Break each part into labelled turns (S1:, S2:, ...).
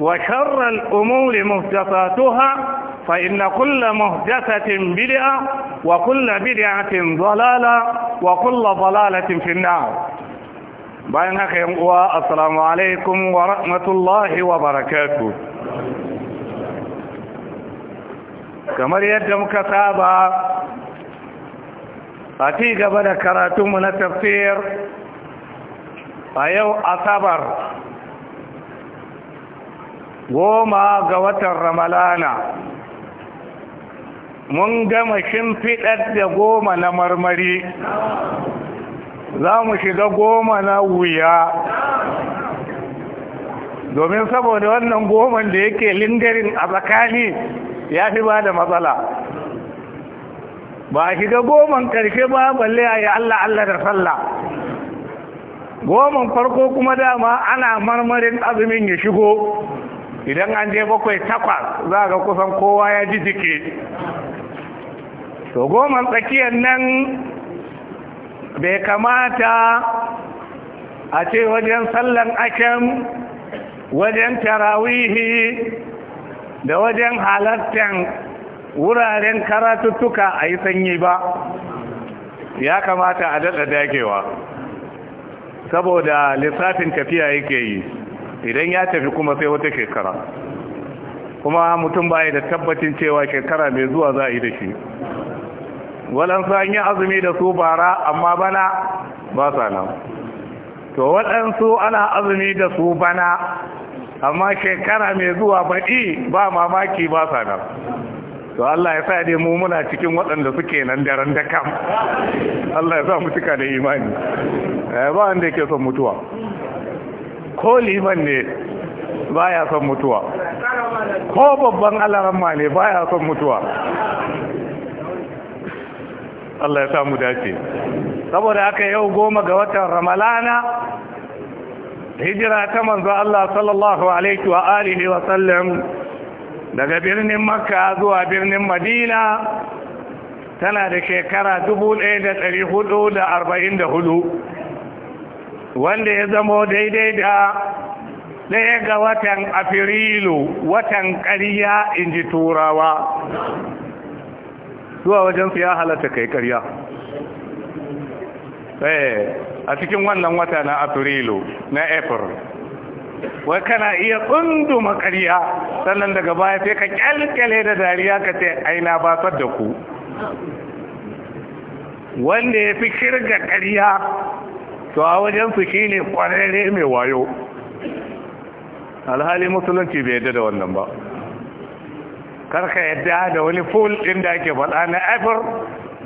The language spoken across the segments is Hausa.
S1: وشر الأمور مهدثاتها فإن كل مهدثة بدعة وكل بدعة ضلالة وكل ضلالة في النار بينك السلام عليكم ورحمة الله وبركاته كما يجب muka أتيك بدأ كراتم من التفسير karatunmu أصبر goma ga watan ramalana mun gama shimfiɗar da goma na marmari za mu shiga goma na wuya domin saboda wannan goman da yake lingarin a tsakani ya fi ba da matsala ba a shiga goman karshe ba balle a yi Allah Allah da sallah goman farko kuma dama ana marmarin azumin ya shigo idan an je bakwai takwas za ga kusan kowa ya ji jike to goma tsakiyar nan bai kamata a ce wajen sallan aken wajen tarawihi da wajen halartan wuraren karatuttuka a yi sanyi ba ya kamata a daɗa dakewa saboda lissafin tafiya yake yi idan ya tafi kuma sai wata shekara kuma mutum baya da tabbacin cewa shekara mai zuwa za a yi da shi waɗansu an yi azumi da su bara amma bana ba sa nan to waɗansu ana azumi da su bana amma shekara mai zuwa baɗi ba mamaki ba sa nan to Allah ya sa dai mu muna cikin waɗanda suke nan daren da kam Allah ya sa mu cika da imani eh, ba wanda yake son mutuwa ko liman ne baya son mutuwa ko babban alaramma ne baya son mutuwa Allah ya samu dace saboda aka yau goma ga watan ramalana hijira ta manzo Allah sallallahu alaihi wa alihi wa sallam daga birnin makka zuwa birnin madina tana da shekara hudu. wanda ya zamo daidai da ɗaya ga watan afirilu watan ƙarya in ji turawa zuwa wajensu ya halatta kai ƙarya eh, a cikin wannan wata na afirilu na april wai kana iya tsunduma ƙarya sannan daga baya sai ka kyalkyale da dariya ka ce aina basar da ku wanda ya fi kirga ƙarya to a wajensu shi ne kwararre mai wayo alhali musulunci bai yadda da wannan ba karka yadda da wani ful ɗin da ake faɗa na aifir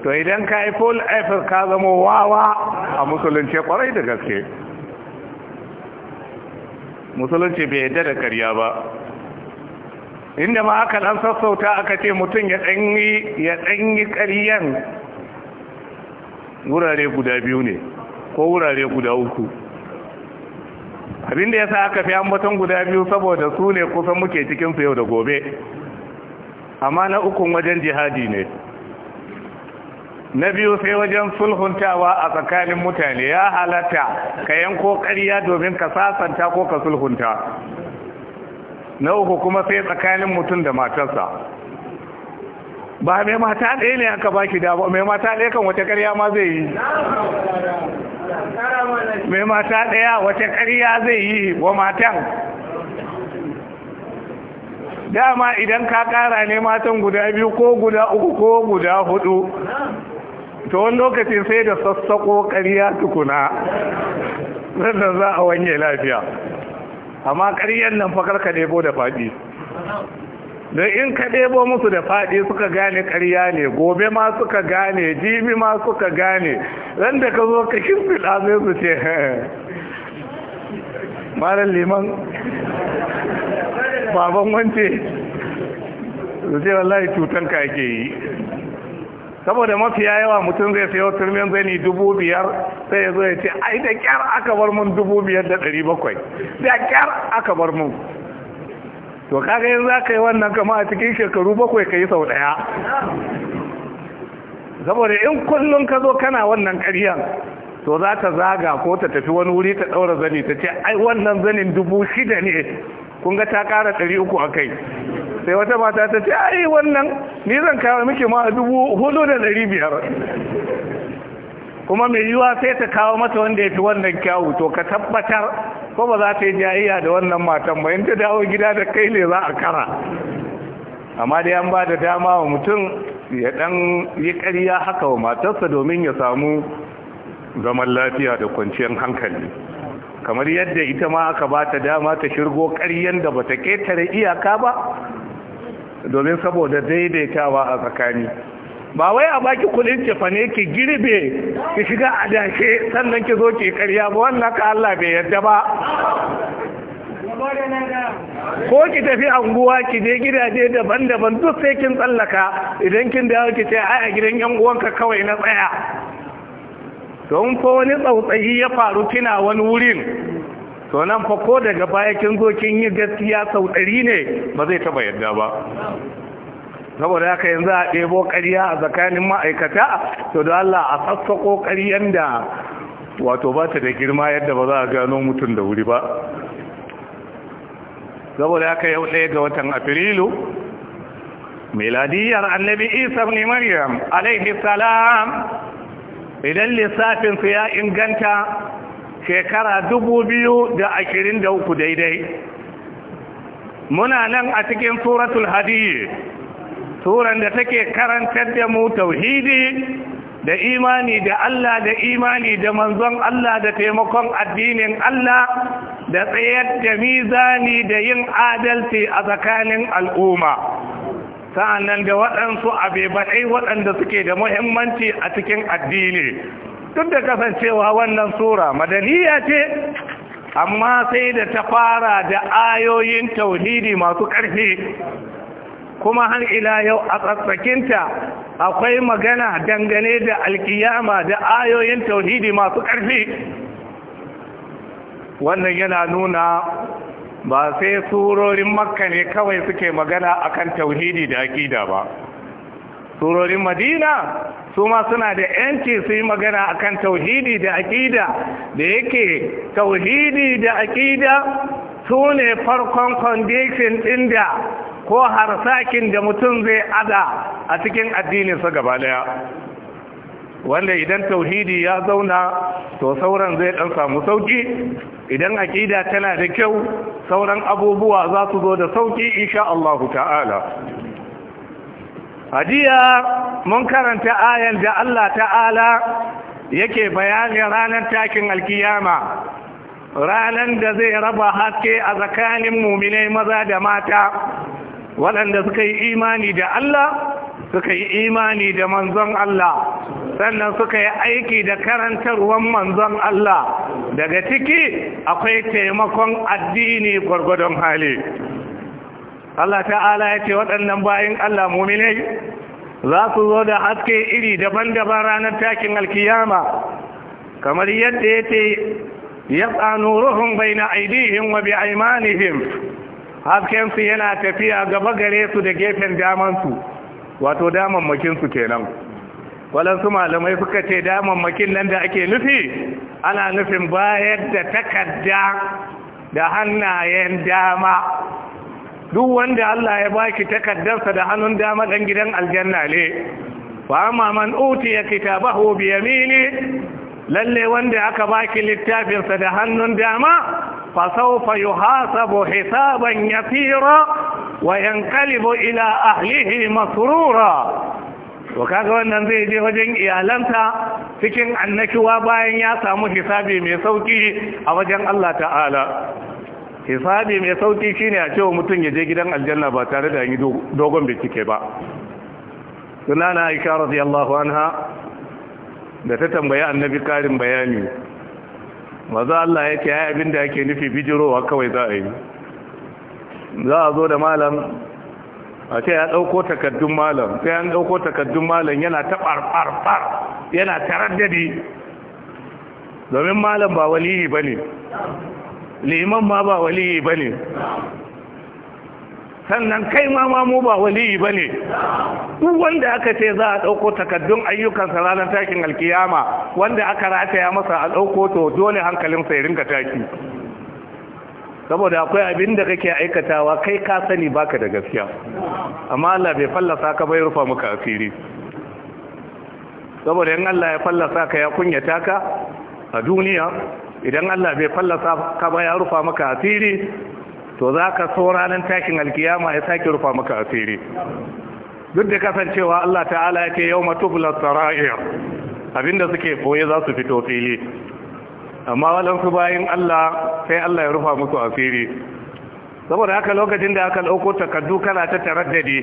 S1: to idan ka yi ful aifir ka zama wawa a musulunci kwarai da gaske musulunci bai yadda da karya ba inda ma aka dan sassauta aka ce mutum ya ɗanyi ƙaryen wurare guda biyu ne ko wurare guda uku abinda ya sa aka fi ambaton guda biyu saboda su ne kusan muke cikinsu yau da gobe amma na ukun wajen jihadi ne na biyu sai wajen sulhuntawa a tsakanin mutane ya halatta ka yanko ƙarya domin ka sasanta ko ka sulhunta na uku kuma sai tsakanin mutum da matarsa ba mai mata ɗaya ne aka baki da ba mai mata ɗaya kan wata ƙarya ma zai yi mai mata ɗaya wata ƙarya zai yi wa matan dama idan ka ƙara ne matan guda biyu ko guda uku ko guda hudu to wani lokacin sai da sassaƙo ƙarya tukuna sannan za a wanye lafiya amma ƙaryar nan fakar ka nebo da faɗi don in ka ɗebo musu da faɗi suka gane ƙarya ne gobe ma suka gane jimi ma suka gane ran da ka zo ka shimfiɗa sai su ce malar liman baban wance su ce wallahi cutan ka ake yi saboda mafiya yawa mutum zai sayo turmin zani dubu biyar sai ya zo ya ce ai da kyar aka bar mun dubu biyar da ɗari bakwai da kyar aka bar mun to kaga yanzu za ka yi wannan kama a cikin shekaru bakwai ka yi sau ɗaya saboda in kullum ka zo kana wannan ƙaryan to za ta zaga ko ta tafi wani wuri ta daura zani ta ce ai wannan zanin dubu shida ne kun ga ta ƙara ɗari uku a kai sai wata mata ta ce ai wannan ni zan kawo miki ma dubu hudu da ɗari biyar kuma mai yiwa sai ta kawo mata wanda ya fi wannan kyawu to ka tabbatar ko ba za ta yi jayayya da wannan matan ba in ta dawo gida da kai ne za a kara amma dai an ba da dama wa mutum ya dan yi ƙarya haka wa matarsa domin ya samu zaman lafiya da kwanciyar hankali kamar yadda ita ma aka ba ta dama ta shirgo ƙaryen da bata ketare iyaka ba domin saboda daidaitawa a tsakani ba wai a baki kudin cefa ne ki girbe ki shiga a dashe sannan ki zo ki karya ba wannan ka Allah bai yadda ba ko ki tafi anguwa ki je gidaje daban-daban duk sai kin tsallaka idan kin dawo ki ce ai a gidan yan uwanka kawai na tsaya don ko wani tsautsayi ya faru kina wani wurin to nan fa ko daga baya kin zo kin yi gaskiya sau ɗari ne ba zai taba yadda ba saboda haka yanzu a ɗebo ƙarya a tsakanin ma'aikata to da Allah a sassaƙo ƙaryan da wato ba ta da girma yadda ba za a gano mutum da wuri ba saboda haka yau ɗaya ga watan afirilu miladiyar annabi isa ne maryam alaihi salam idan lissafinsu ya inganta shekara dubu biyu da ashirin da uku daidai muna nan a cikin suratul hadiyyi suran da take karantar da mu tauhidi da imani da Allah da imani da manzon Allah da taimakon addinin Allah da tsayar da mizani da yin adalci a tsakanin al'umma sa'annan da waɗansu abebaɗai waɗanda suke da muhimmanci a cikin addini duk da kasancewa wannan sura madaniya ce amma sai da ta fara da ayoyin tauhidi masu ƙarfi kuma har ila yau a tsatsakinta akwai magana dangane da alkiyama da ayoyin tauhidi masu ƙarfi wannan yana nuna ba sai surorin makka ne kawai suke magana akan tauhidi da aƙida ba surorin madina su suna da yanci su yi magana akan tauhidi da aƙida da yake tauhidi da akida su ne farkon condition ɗin da ko harsakin da mutum zai ada a cikin addininsa gaba daya wanda idan tauhidi ya zauna to sauran zai dan samu sauki idan aƙida tana da kyau sauran abubuwa za su zo da sauki insha Allah ta'ala hadiya mun karanta ayan da Allah ta'ala yake bayani ranar takin alkiyama ranar da zai raba haske a tsakanin muminai maza da mata waɗanda suka yi imani da Allah suka yi imani da manzon Allah sannan suka yi aiki da karantarwar manzon Allah daga ciki akwai taimakon addini gwargwadon hali Allah ta'ala ya ce waɗannan bayan Allah muminai za su zo da haske iri daban-daban ranar takin alkiyama kamar yadda ya ce ya tsanu ruhun bai na aidihim wa bi aimanihim Hasken su yana tafiya gaba gare su da gefen damansu wato damammakinsu kenan waɗansu malamai suka ce damammakin nan da ake nufi ana nufin bayar da takarda da hannayen dama duk wanda Allah ya baki takardarsa da hannun dama ɗan gidan aljanna ne ba amma man utiya kitabahu bi yamini lalle wanda aka baki littafinsa da hannun dama فسوف يحاسب حسابا يسيرا وينقلب إلى أهله مسرورا وكذا wannan zai je wajen iyalanta cikin annakiwa bayan ya samu hisabi mai sauki a wajen Allah ta'ala hisabi mai sauki shine a cewa mutum ya je gidan aljanna ba tare da yi dogon bincike ba sunana aisha radiyallahu anha da ta tambayi annabi karin bayani maza Allah ya ce ya abin da yake nufi bijirowa kawai za a yi za a zo da malam a ce ya ɗauko takaddun malam sai an ɗauko takaddun malam yana ta ɓarɓarɓar yana taraddadi domin malam ba waliyi ba ne liman ma ba waliyi ba ne sannan kai ma ma mu ba waliyi ba ne wanda aka ce za a ɗauko takaddun ayyukansa ranar takin alkiyama wanda aka rataya masa a ɗauko to dole sa ya ka taki saboda akwai abin da kake aikatawa kai ka sani baka da gaskiya amma Allah bai fallasa ka bai rufa maka asiri saboda in Allah ya fallasa ka ya kunyata ka a duniya idan Allah bai fallasa ka ba ya rufa maka asiri to za ka so ranar takin alkiyama ya sake rufa maka asiri duk da kasancewa Allah ta'ala ya ce yau matubula sara'ir abinda suke koye za su fito fili amma waɗansu bayan Allah sai Allah ya rufa musu asiri saboda haka lokacin da aka ɗauko takardu kana ta taraddadi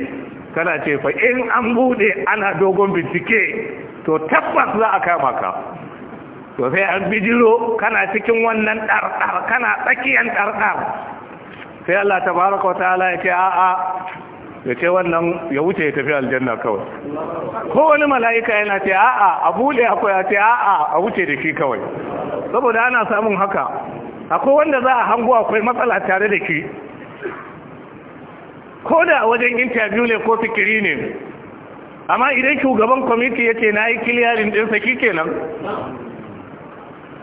S1: kana ce fa in an buɗe ana dogon bincike to tabbas za a kama ka to sai an bijiro kana cikin wannan ɗarɗar kana tsakiyar ɗarɗar sai Allah ta baraka wa ta'ala ya ce a'a ya ce wannan ya wuce ya tafi aljanna kawai ko wani mala'ika yana ce a'a a bude akwai ya ce a'a a wuce da shi kawai saboda ana samun haka akwai wanda za a hango akwai matsala tare da shi ko da wajen interview ne ko fikiri ne amma idan shugaban kwamiti yake ce na yi kiliyarin ɗinsa ki kenan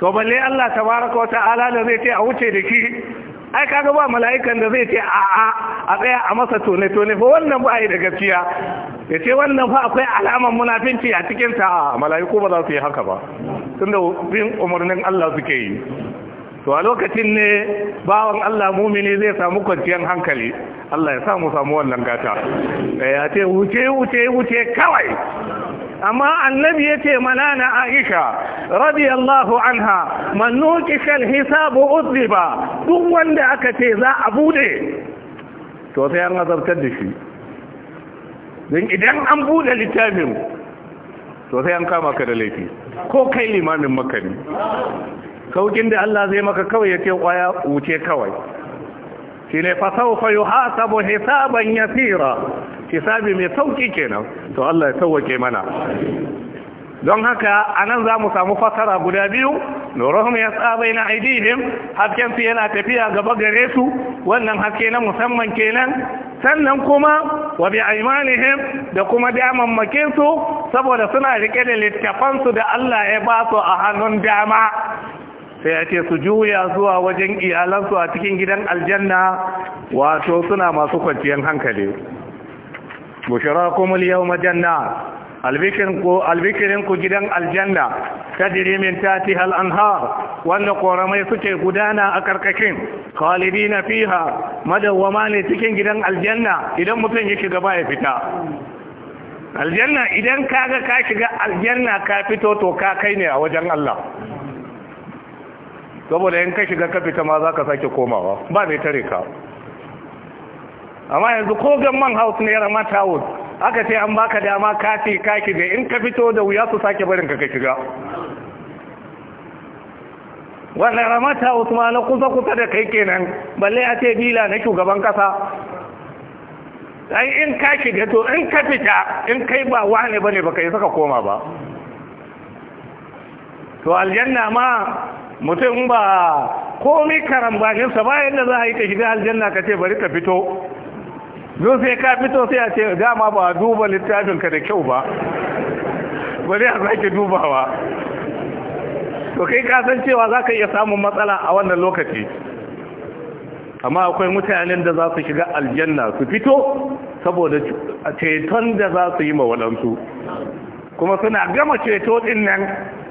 S1: to balle Allah tabaraka wa ta'ala da zai ce a wuce da shi ai kaga ba mala'ikan da zai ce a'a a tsaya a masa tone tone fa wannan ba yi da gaskiya ya ce wannan fa akwai alaman munafinci a cikin ta mala'iku ba za su yi haka ba tunda bin umarnin Allah suke yi to a lokacin ne bawan Allah mumini zai samu kwanciyar hankali Allah ya samu samu wannan gata eh, ya ce wuce wuce wuce kawai amma annabi yace mana na Aisha radiyallahu anha man nuqisha al-hisabu udhiba duk wanda aka ce za a bude to sai an azabtar da shi don idan an bude littafin to sai an kama ka da laifi ko kai limamin ne. saukin da Allah zai maka kawai ya ce kwaya wuce kawai shi ne fasaufa yi hasabu hisaban yasira hisabi mai sauki kenan to Allah ya sauwake mana don haka anan za mu samu fasara guda biyu nuruhum ya tsabai na aidihim haskensu yana tafiya gaba gare su wannan haske na musamman kenan sannan kuma wa bi aimanihim da kuma damammakin su saboda suna rike da littafansu da Allah ya ba su a hannun dama sai ya ce su juya zuwa wajen iyalansu a cikin gidan aljanna wato suna masu kwanciyar hankali bushara ko yawma majanna, albikirin ku gidan aljanna ta min hal an hawa, wanda koramai suke gudana a karkashin na fiha madawama ne cikin gidan aljanna idan mutum ya shiga ba ya fita aljanna idan kaga ka shiga aljanna ka fito to ka kai ne a wajen Allah saboda in ka shiga ka fita ma za ka sake komawa ba mai tare ka amma yanzu ko man house ne rama tawul aka ce an baka dama ka kaki da in ka fito da wuya su sake barin ka shiga. kiga wannan rama tawul ma na kusa kusa da kai kenan balle a ce bila na shugaban kasa ai in ka da to in ka fita in kai ba wane bane baka yi saka koma ba to aljanna ma mutum ba komai sa ba da za a yi ta shiga aljanna ka ce bari ka fito zo sai ka fito sai a ce dama ba a duba littafin ka da kyau ba bari a sake dubawa to kai ka san cewa za ka iya samun matsala a wannan lokaci amma akwai mutanen da za su shiga aljanna su fito saboda ceton da za su yi mawadansu kuma suna gama ceto din nan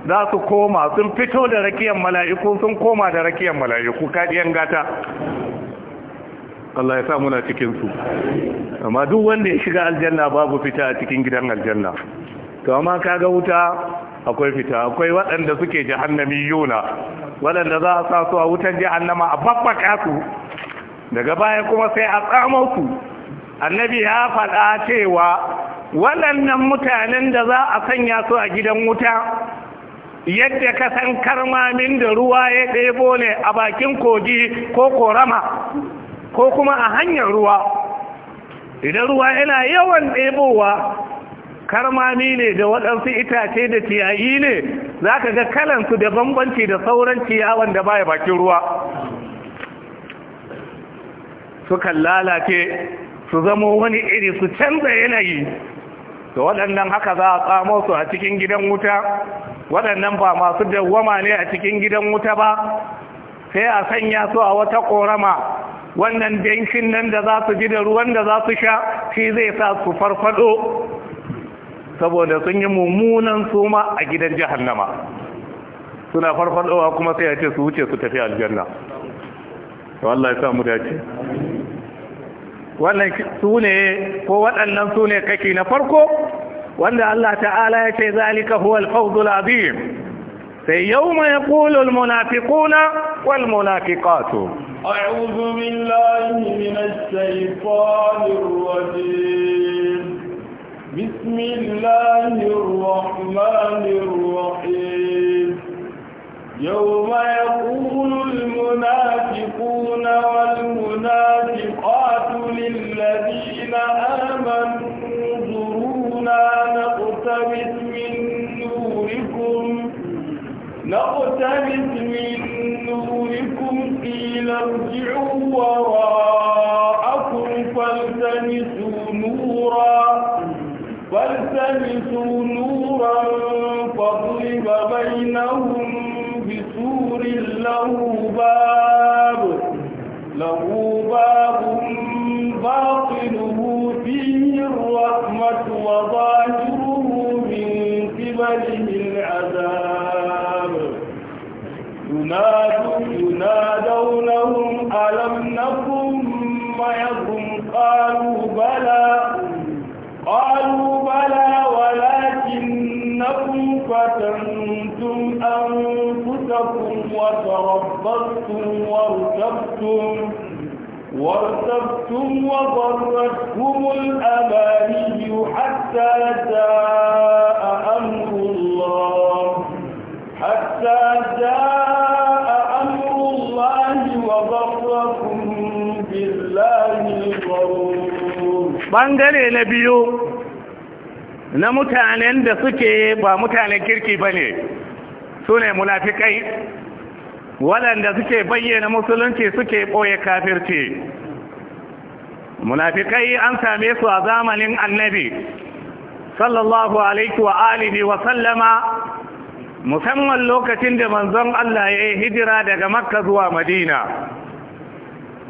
S1: za su koma sun fito da rakiyar mala'iku sun koma da rakiyar mala'iku kaɗiyan gata Allah ya sa muna cikinsu amma duk wanda ya shiga aljanna babu fita a cikin gidan aljanna to amma kaga wuta akwai fita akwai waɗanda suke jahannami yuna waɗanda za a sa su a wutan jahannama a babbaka su daga baya kuma sai a tsamo su annabi ya faɗa cewa waɗannan mutanen da za a sanya su a gidan wuta yadda ka san karmamin da ruwa ya ɗebo ne a bakin kogi ko korama ko kuma a hanyar ruwa idan ruwa yana yawan ɗebowa karmami ne da waɗansu itace da ciyayi ne za ka ga kalansu da bambanci da sauran ciyawan da baya bakin ruwa sukan lalace su zama wani iri su canza yanayi da waɗannan haka za a tsamo su a cikin gidan wuta waɗannan ba masu dawwama ne a cikin gidan wuta ba sai a sanya su a wata ƙorama wannan danshin nan da za su ji da ruwan da za su sha shi zai sa su farfado saboda sun yi mummunan suma a gidan jahannama suna farfadowa kuma sai a ce su wuce su tafi aljanna wallahi sa mu dace wannan su ne ko waɗannan su ne kaki na farko wanda Allah ta'ala ya ce zalika huwa al-fawzul azim sai yawma yaqulu al-munafiquna wal munafiqatu
S2: أعوذ بالله من الشيطان الرجيم بسم الله الرحمن الرحيم يوم يقول المنافقون والمنافقات للذين آمنوا انظرونا نقتبس من نوركم نقتبس من رسولكم قيل ارجعوا وراءكم فالتمسوا نورا فالتمسوا نورا فاضرب بينهم بسور له باب له باب باطنه فيه الرحمة وظاهره من قبله العذاب ينادونهم ألم نكن معكم قالوا بلى قالوا بلى ولكنكم فتنتم أنفسكم وتربصتم وارتبتم وارتبتم وضرتكم الأماني حتى جاء أمر الله
S1: ɓangare na biyu na mutanen da suke ba mutanen kirki ba ne su ne munafikai waɗanda suke bayyana musulunci suke ɓoye kafirci munafikai an same su a zamanin annabi sallallahu alaihi wa alihi wa sallama musamman lokacin da manzon Allah ya yi hijira daga makka zuwa madina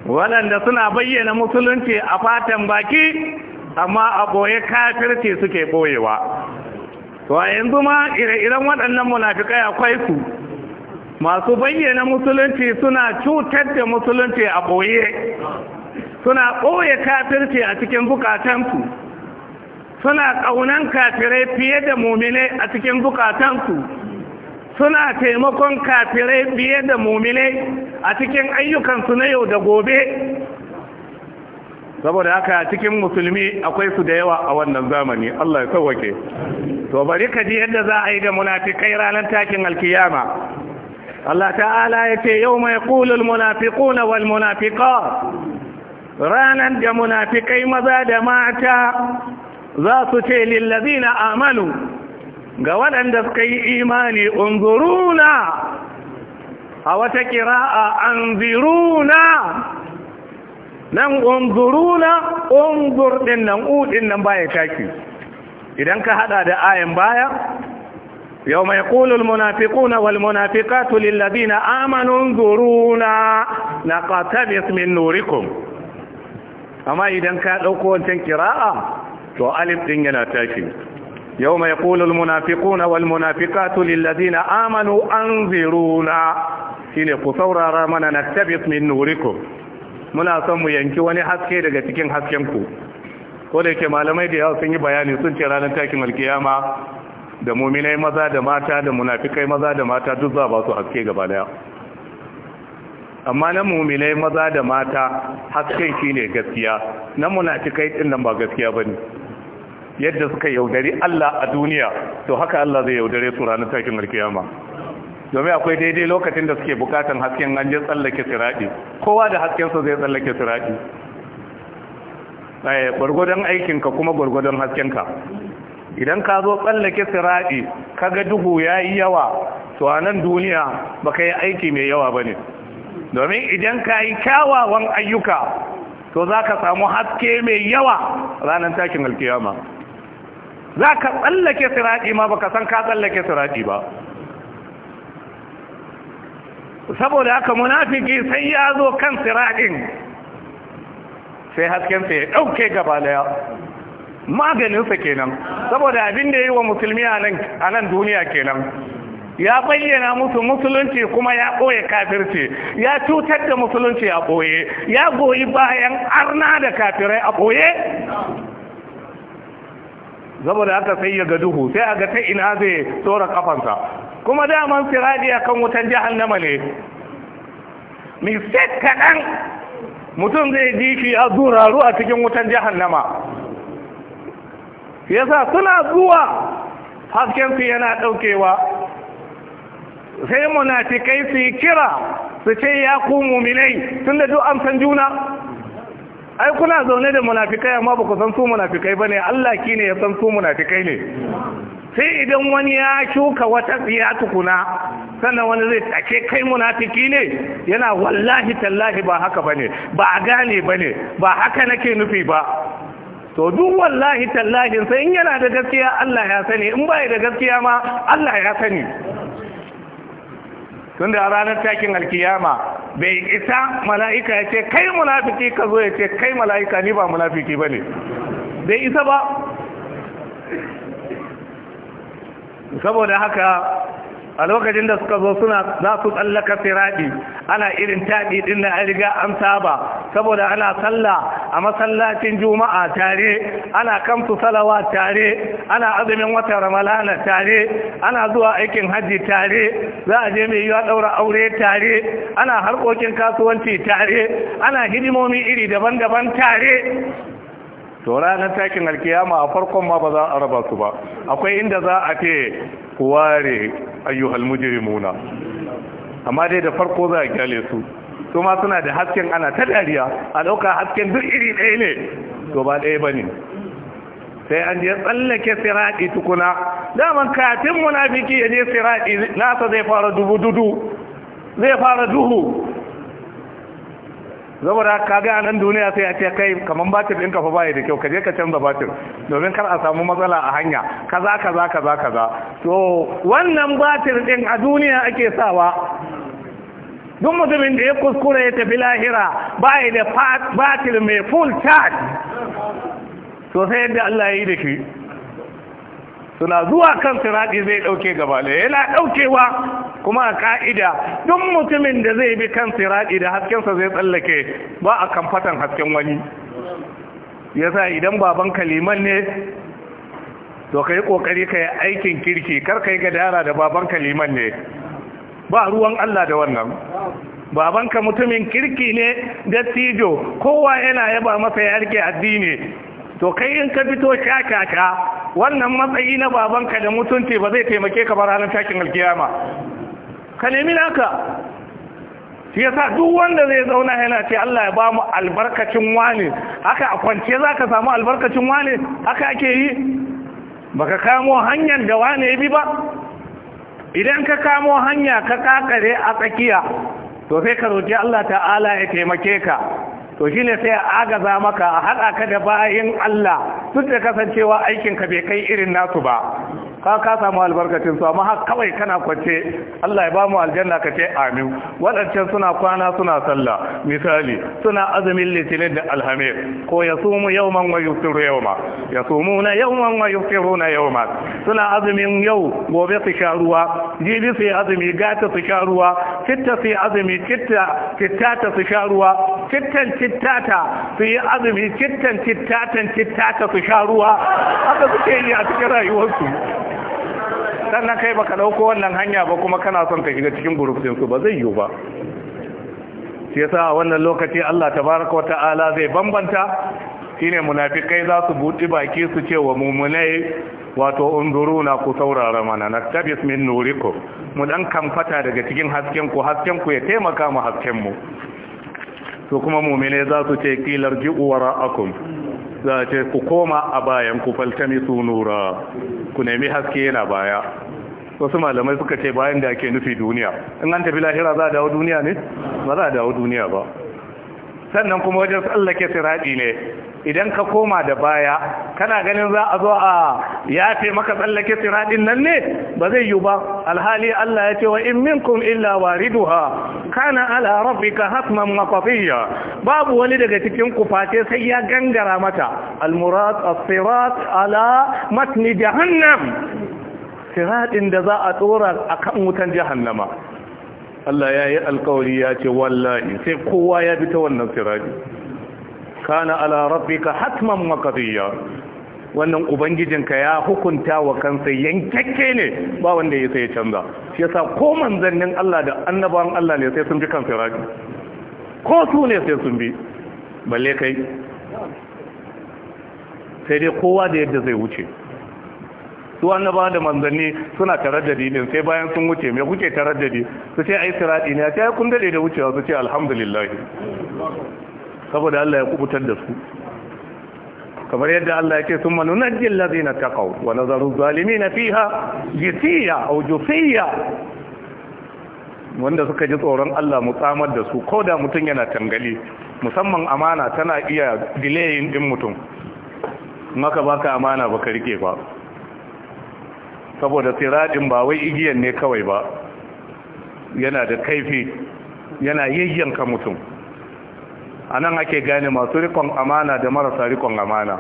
S1: waɗanda suna bayyana musulunci a fatan baki amma a ɓoye kafirci suke ɓoyewa Wa yanzu ma ire-iren waɗannan munafikai akwai su masu bayyana musulunci suna cutar da musulunci a ɓoye suna ɓoye kafirci a cikin bukatansu. suna ƙaunan kafirai fiye da mumine a cikin bukatansu. suna taimakon kafirai biye da muminai a cikin ayyukansu na yau da gobe saboda haka cikin musulmi akwai su da yawa a wannan zamani Allah ya sauwake to bari ka ji yadda za a yi da munafikai ranar takin alkiyama Allah ta'ala ya ce yau mai kulul munafiquna wal ranar da munafikai maza da mata za su ce lillazina amanu ga waɗanda suka yi imani unzuruna a wata ƙira'a anziruna nan unzuruna unzur ɗin nan uɗin nan baya taki idan ka haɗa da ayan baya yau mai ƙulul munafiƙuna wal munafiƙatu lillazina amanun zuruna na ƙatabis min nurikum amma idan ka ɗauko wancan ƙira'a to alif ɗin yana tashi يوم يقول المنافقون والمنافقات للذين آمنوا أنذرونا شيني قصورا رامنا نكتبط من نوركم muna son mu yanki wani haske daga cikin haskenku ko da yake malamai da yawa sun yi bayani sun ce ranar takin alkiyama da muminai maza da mata da munafikai maza da mata duk za ba su haske gaba daya amma na muminai maza da mata hasken shine gaskiya na munafikai din nan ba gaskiya bane yadda suka yaudari Allah a duniya to haka Allah zai yaudare su ranar takin alkiyama domin akwai daidai lokacin da suke bukatan hasken an je tsallake siradi kowa da haskensa zai tsallake siradi eh, gwargwadon aikinka kuma gwargwadon haskenka idan ka zo tsallake siradi kaga duhu ya yi yawa to a duniya ba ka yi aiki mai yawa ba ne domin idan ka yi kyawawan ayyuka to za ka samu haske mai yawa ranar takin alkiyama za ka tsallake siraɗi ma ba ka san ka tsallake siraɗi ba saboda haka munafiki sai ya zo kan siraɗin sai haskensa ya ɗauke gaba daya maganinsa kenan saboda abin da ya yi wa musulmi a nan duniya kenan ya bayyana musu musulunci kuma ya ɓoye kafirci ya cutar da musulunci a ɓoye ya goyi bayan arna da kafirai a ɓoye saboda haka sai ya ga duhu sai a ga ta ina zai tsora kafansa kuma daman siradi a kan wutan jahannama ne mistake kaɗan mutum zai ji shi a zuraru a cikin wutan jahannama yasa suna zuwa su yana ɗaukewa sai munafikai su yi kira su ce ya ku muminai tunda duk an san juna ai kuna zaune da munafikai amma ba ku san su munafikai ba ne Allah ki ne ya san su munafikai ne sai idan wani ya shuka wata tsiya tukuna sannan wani zai take kai munafiki ne yana wallahi tallahi ba haka ba ba a gane ba ne ba haka nake nufi ba to duk wallahi tallahin sai in yana da gaskiya Allah ya sani in ba da gaskiya ma Allah ya sani tunda a ranar takin alkiyama bai isa mala'ika ya ce kai munafiki ka zo ya ce kai mala'ika ni ba munafiki ba ne bai isa ba saboda haka a lokacin da suka zo suna za su tsallaka siraɗi ana irin taɗi ɗin na riga an saba saboda ana sallah a masallacin juma'a tare ana kamsu salawa tare ana azumin wata ramalana tare ana zuwa aikin hajji tare za a je mai yiwa ɗaura aure tare ana harkokin kasuwanci tare ana hidimomi iri daban-daban tare to ranar takin alkiyama a farkon ma ba za a raba su ba akwai inda za a ce ware ayyuhal mujrimuna amma dai da farko za a kyale su su ma suna da hasken ana ta dariya a ɗauka hasken duk iri ɗaya ne to ba ɗaya ba ne sai an je tsallake siraɗi tukuna daman katin munafiki ya je siraɗi nasa zai fara dubu dudu zai fara duhu saboda ka ga a nan duniya sai a ce kai kamar batir ɗin kafa baya da kyau ka je ka canza batir domin kar a samu matsala a hanya kaza kaza kaza kaza to wannan batir ɗin a duniya ake sawa duk mutumin da ya kuskure ya tafi lahira baya da batir mai full charge to sai yadda Allah ya yi da shi suna zuwa kan siraɗi zai ɗauke gaba da yana ɗaukewa kuma a ka'ida duk mutumin da zai bi kan siradi da haskensa zai tsallake ba a kan fatan hasken wani yasa idan baban kaliman ne to kai kokari kai aikin kirki kar kai dara da baban kaliman ne ba ruwan Allah da wannan babanka mutumin kirki ne dattijo kowa yana yaba masa ya rike addini to kai in ka fito shakaka wannan matsayi na babanka da mutunci ba zai taimake ka ba ranar takin alkiyama ka nemi naka shi yasa duk wanda zai zauna yana ce Allah ya bamu albarkacin wane haka a kwance zaka samu albarkacin wane haka ake yi baka kamo hanyar da wane bi ba idan ka kamo hanya ka kakare a tsakiya to sai ka roki Allah ta'ala ya taimake ka to shine sai a agaza maka a haɗa ka da bayin Allah duk da kasancewa aikinka bai kai irin nasu ba ka ka samu albarkacin su amma haka kawai kana kwace Allah ya ba mu aljanna ka ce amin wadancan suna kwana suna sallah misali suna azumin litinin da alhamis ko yasumu yawman wa yuftiru yawma yasumuna yawman wa yuftiruna yawma suna azumin yau gobe su sha ruwa jibi su azumi gata su sha ruwa citta su azumi citta cittata su sha ruwa cittan cittata su yi azumi cittan cittatan cittata su sha ruwa haka suke yi a cikin rayuwarsu sannan kai baka ɗauko wannan hanya ba kuma kana son ka shiga cikin group din su ba zai yiwu ba shi yasa a wannan lokaci Allah tabaraka wa ta'ala zai bambanta shine munafikai za su buɗi baki su ce wa mumunai wato na ku saurara mana naktabis min nurikum mu dan kamfata daga cikin hasken ku hasken ku ya taimaka mu hasken mu to kuma mu'mine za su ce kilar ji'uwar wara'akum za ku koma a bayan ku faltami su nura ku nemi haske yana baya wasu malamai suka ce bayan da ake nufi duniya in an tafi lahira za a dawo duniya ne ba za a dawo duniya ba sannan kuma wajen tsallake siraɗi ne idan ka koma da baya kana ganin za a zo a yafe maka tsallake siradin nan ne ba zai yi ba alhali Allah ya ce wa in minkum illa wariduha kana ala rabbika hatman maqdiya babu wani daga cikin ku sai ya gangara mata almurad as-sirat ala matni jahannam siradin da za a tsora akan wutan jahannama Allah ya yi alkawari ya ce wallahi sai kowa ya bi ta wannan siradin. kana ala rabbika hatman maqdiya wannan ubangijinka ya hukunta wa kansa yankakke ne ba wanda ya sai canza shi yasa ko manzannin Allah da annabawan Allah ne sai sun bi kan sirati ko su ne sai sun bi balle kai sai dai kowa da yadda zai wuce su annaba da manzanni suna taraddadi dinin, sai bayan sun wuce me kuke taraddadi su ce ai sirati ne sai kun dade da wucewa su ce alhamdulillah saboda Allah ya kubutar da su kamar yadda Allah yake sun manu na jin lazina ta kawo wa nazarin zalimi na fiha jisiya a jufiya wanda suka ji tsoron Allah mu tsamar da su ko da mutum yana tangali musamman amana tana iya dileyin din mutum maka baka amana ba ka rike ba saboda siradin ba wai igiyan ne kawai ba yana da kaifi yana yayyanka mutum a nan ake gane masu rikon amana da marasa rikon amana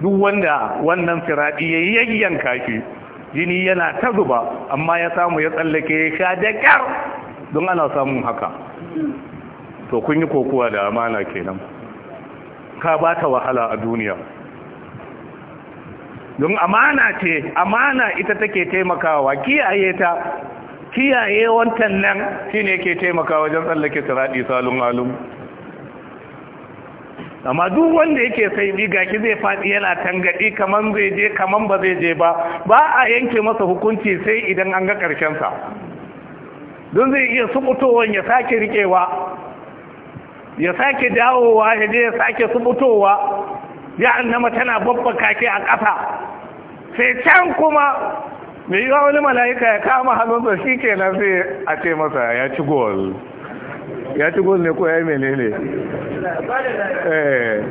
S1: duk wanda wannan firaɗi ya yayyan kafi jini yana ta zuba amma ya samu ya tsallake ya sha da ƙyar don ana samun haka to kun yi kokowa da amana kenan ka ba ta wahala a duniya don amana ce amana ita take taimakawa kiyaye ta kiyaye wancan nan shine yake taimaka wajen tsallake siradi salun alum amma duk wanda yake sai diga ki zai faɗi yana tangaɗi kaman zai je kaman ba zai je ba ba a yanke masa hukunci sai idan an ga ƙarshen sa don zai iya subutowar ya sake riƙewa, ya sake dawowa ya je ya sake subutowa ya annama tana babba kake a ƙasa sai can kuma mai yiwa wani mala'ika ya kama hannunsa shi ke nan sai a ce masa ya ci gol ya ci gol ne ko ya yi menene eh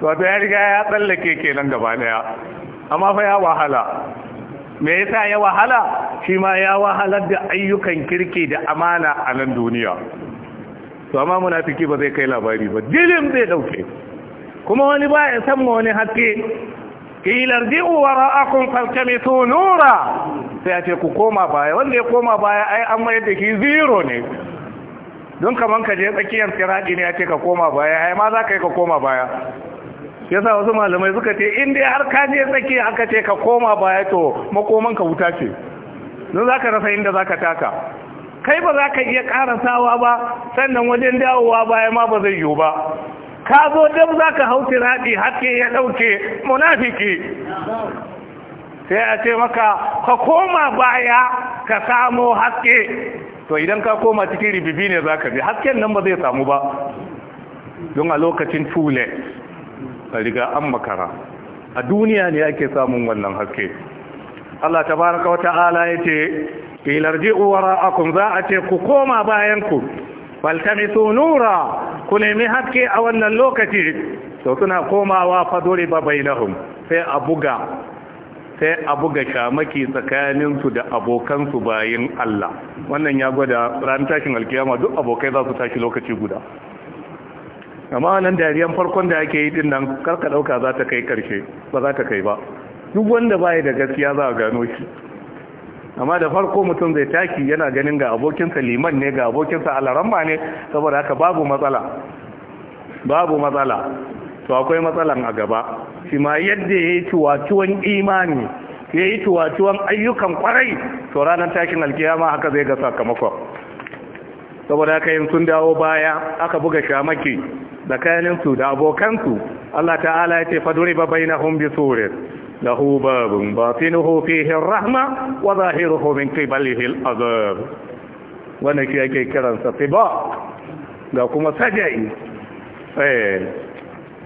S1: wato ya riga ya tsallake nan gaba daya amma fa ya wahala me yasa ya wahala shi ma ya wahalar da ayyukan kirki da amana a nan duniya to amma munafiki ba zai kai labari ba dilin zai dauke kuma wani ba ya san wani haske qila irji'u wara'akum faltamisu nura sai a ce ku koma baya wanda ya koma baya ai an mai da shi zero ne don kaman ka je tsakiyar siradi ne a ce ka koma baya ai ma za ka yi ka koma baya yasa wasu malamai suka ce in dai har ka je tsakiya aka ce ka koma baya to makoman ka wuta ce don za ka rasa inda za ka taka kai ba za ka iya karasawa ba sannan wajen dawowa baya ma ba zai yiwu ba ka zo dab za ka hau tiraɗi haske ya ɗauke munafiki sai a ce maka ka koma baya ka samo haske to idan ka koma cikin ribibi ne za ka bi hasken nan ba zai samu ba don a lokacin fule a riga an makara a duniya ne ake samun wannan haske Allah tabaraka wa ta'ala yace ilarji'u wara'akum za a ce ku koma bayan ku faltamisu nura ku nemi haske a wannan lokaci to suna komawa fadori ba bainahum sai a buga sai a buga shamaki tsakaninsu da abokansu bayin Allah wannan ya gwada ran tashin alkiyama duk abokai za su tashi lokaci guda amma nan dariyan farkon da ake yi din nan karka dauka za ta kai karshe ba za ta kai ba duk wanda baya da gaskiya za a gano shi amma da farko mutum zai taki yana ganin ga abokinsa liman ne ga abokinsa alaramma ne saboda haka babu matsala babu matsala to akwai matsalan a gaba shi ma yadda ya yi tuwatuwan imani ya yi tuwatuwan ayyukan kwarai to ranar takin alkiyama haka zai ga sakamakon saboda haka yin sun dawo baya aka buga shamaki da tsakaninsu da abokansu Allah ta'ala ya ce faduri ba bainahum bi له باب باطنه فيه الرحمة وظاهره من قبله الأذاب ونكي أكي كرن سطباء لكم سجعي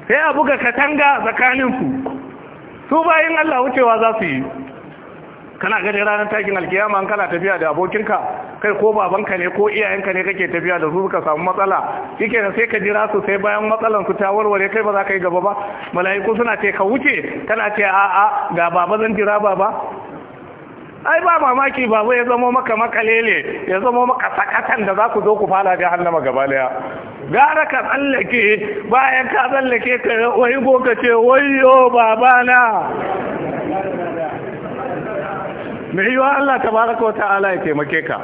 S1: sai a buga katanga tsakaninku su bayan Allah wucewa za su yi kana ganin ranar takin alkiyama kana tafiya da abokinka kai ko babanka ne ko iyayenka ne kake tafiya da su suka samu matsala Kike ne sai ka jira su sai bayan matsalan su ta warware kai ba za ka yi gaba ba mala'iku suna ce ka wuce kana ce a a ga baba zan jira baba ai ba mamaki baba ya zama maka makalele ya zama maka sakatan da za ku zo ku fara hannama gaba daya gara ka tsallake bayan ka tsallake ka wai goka ce wayo babana mai yiwa Allah tabaraka wa ta'ala ya taimake ka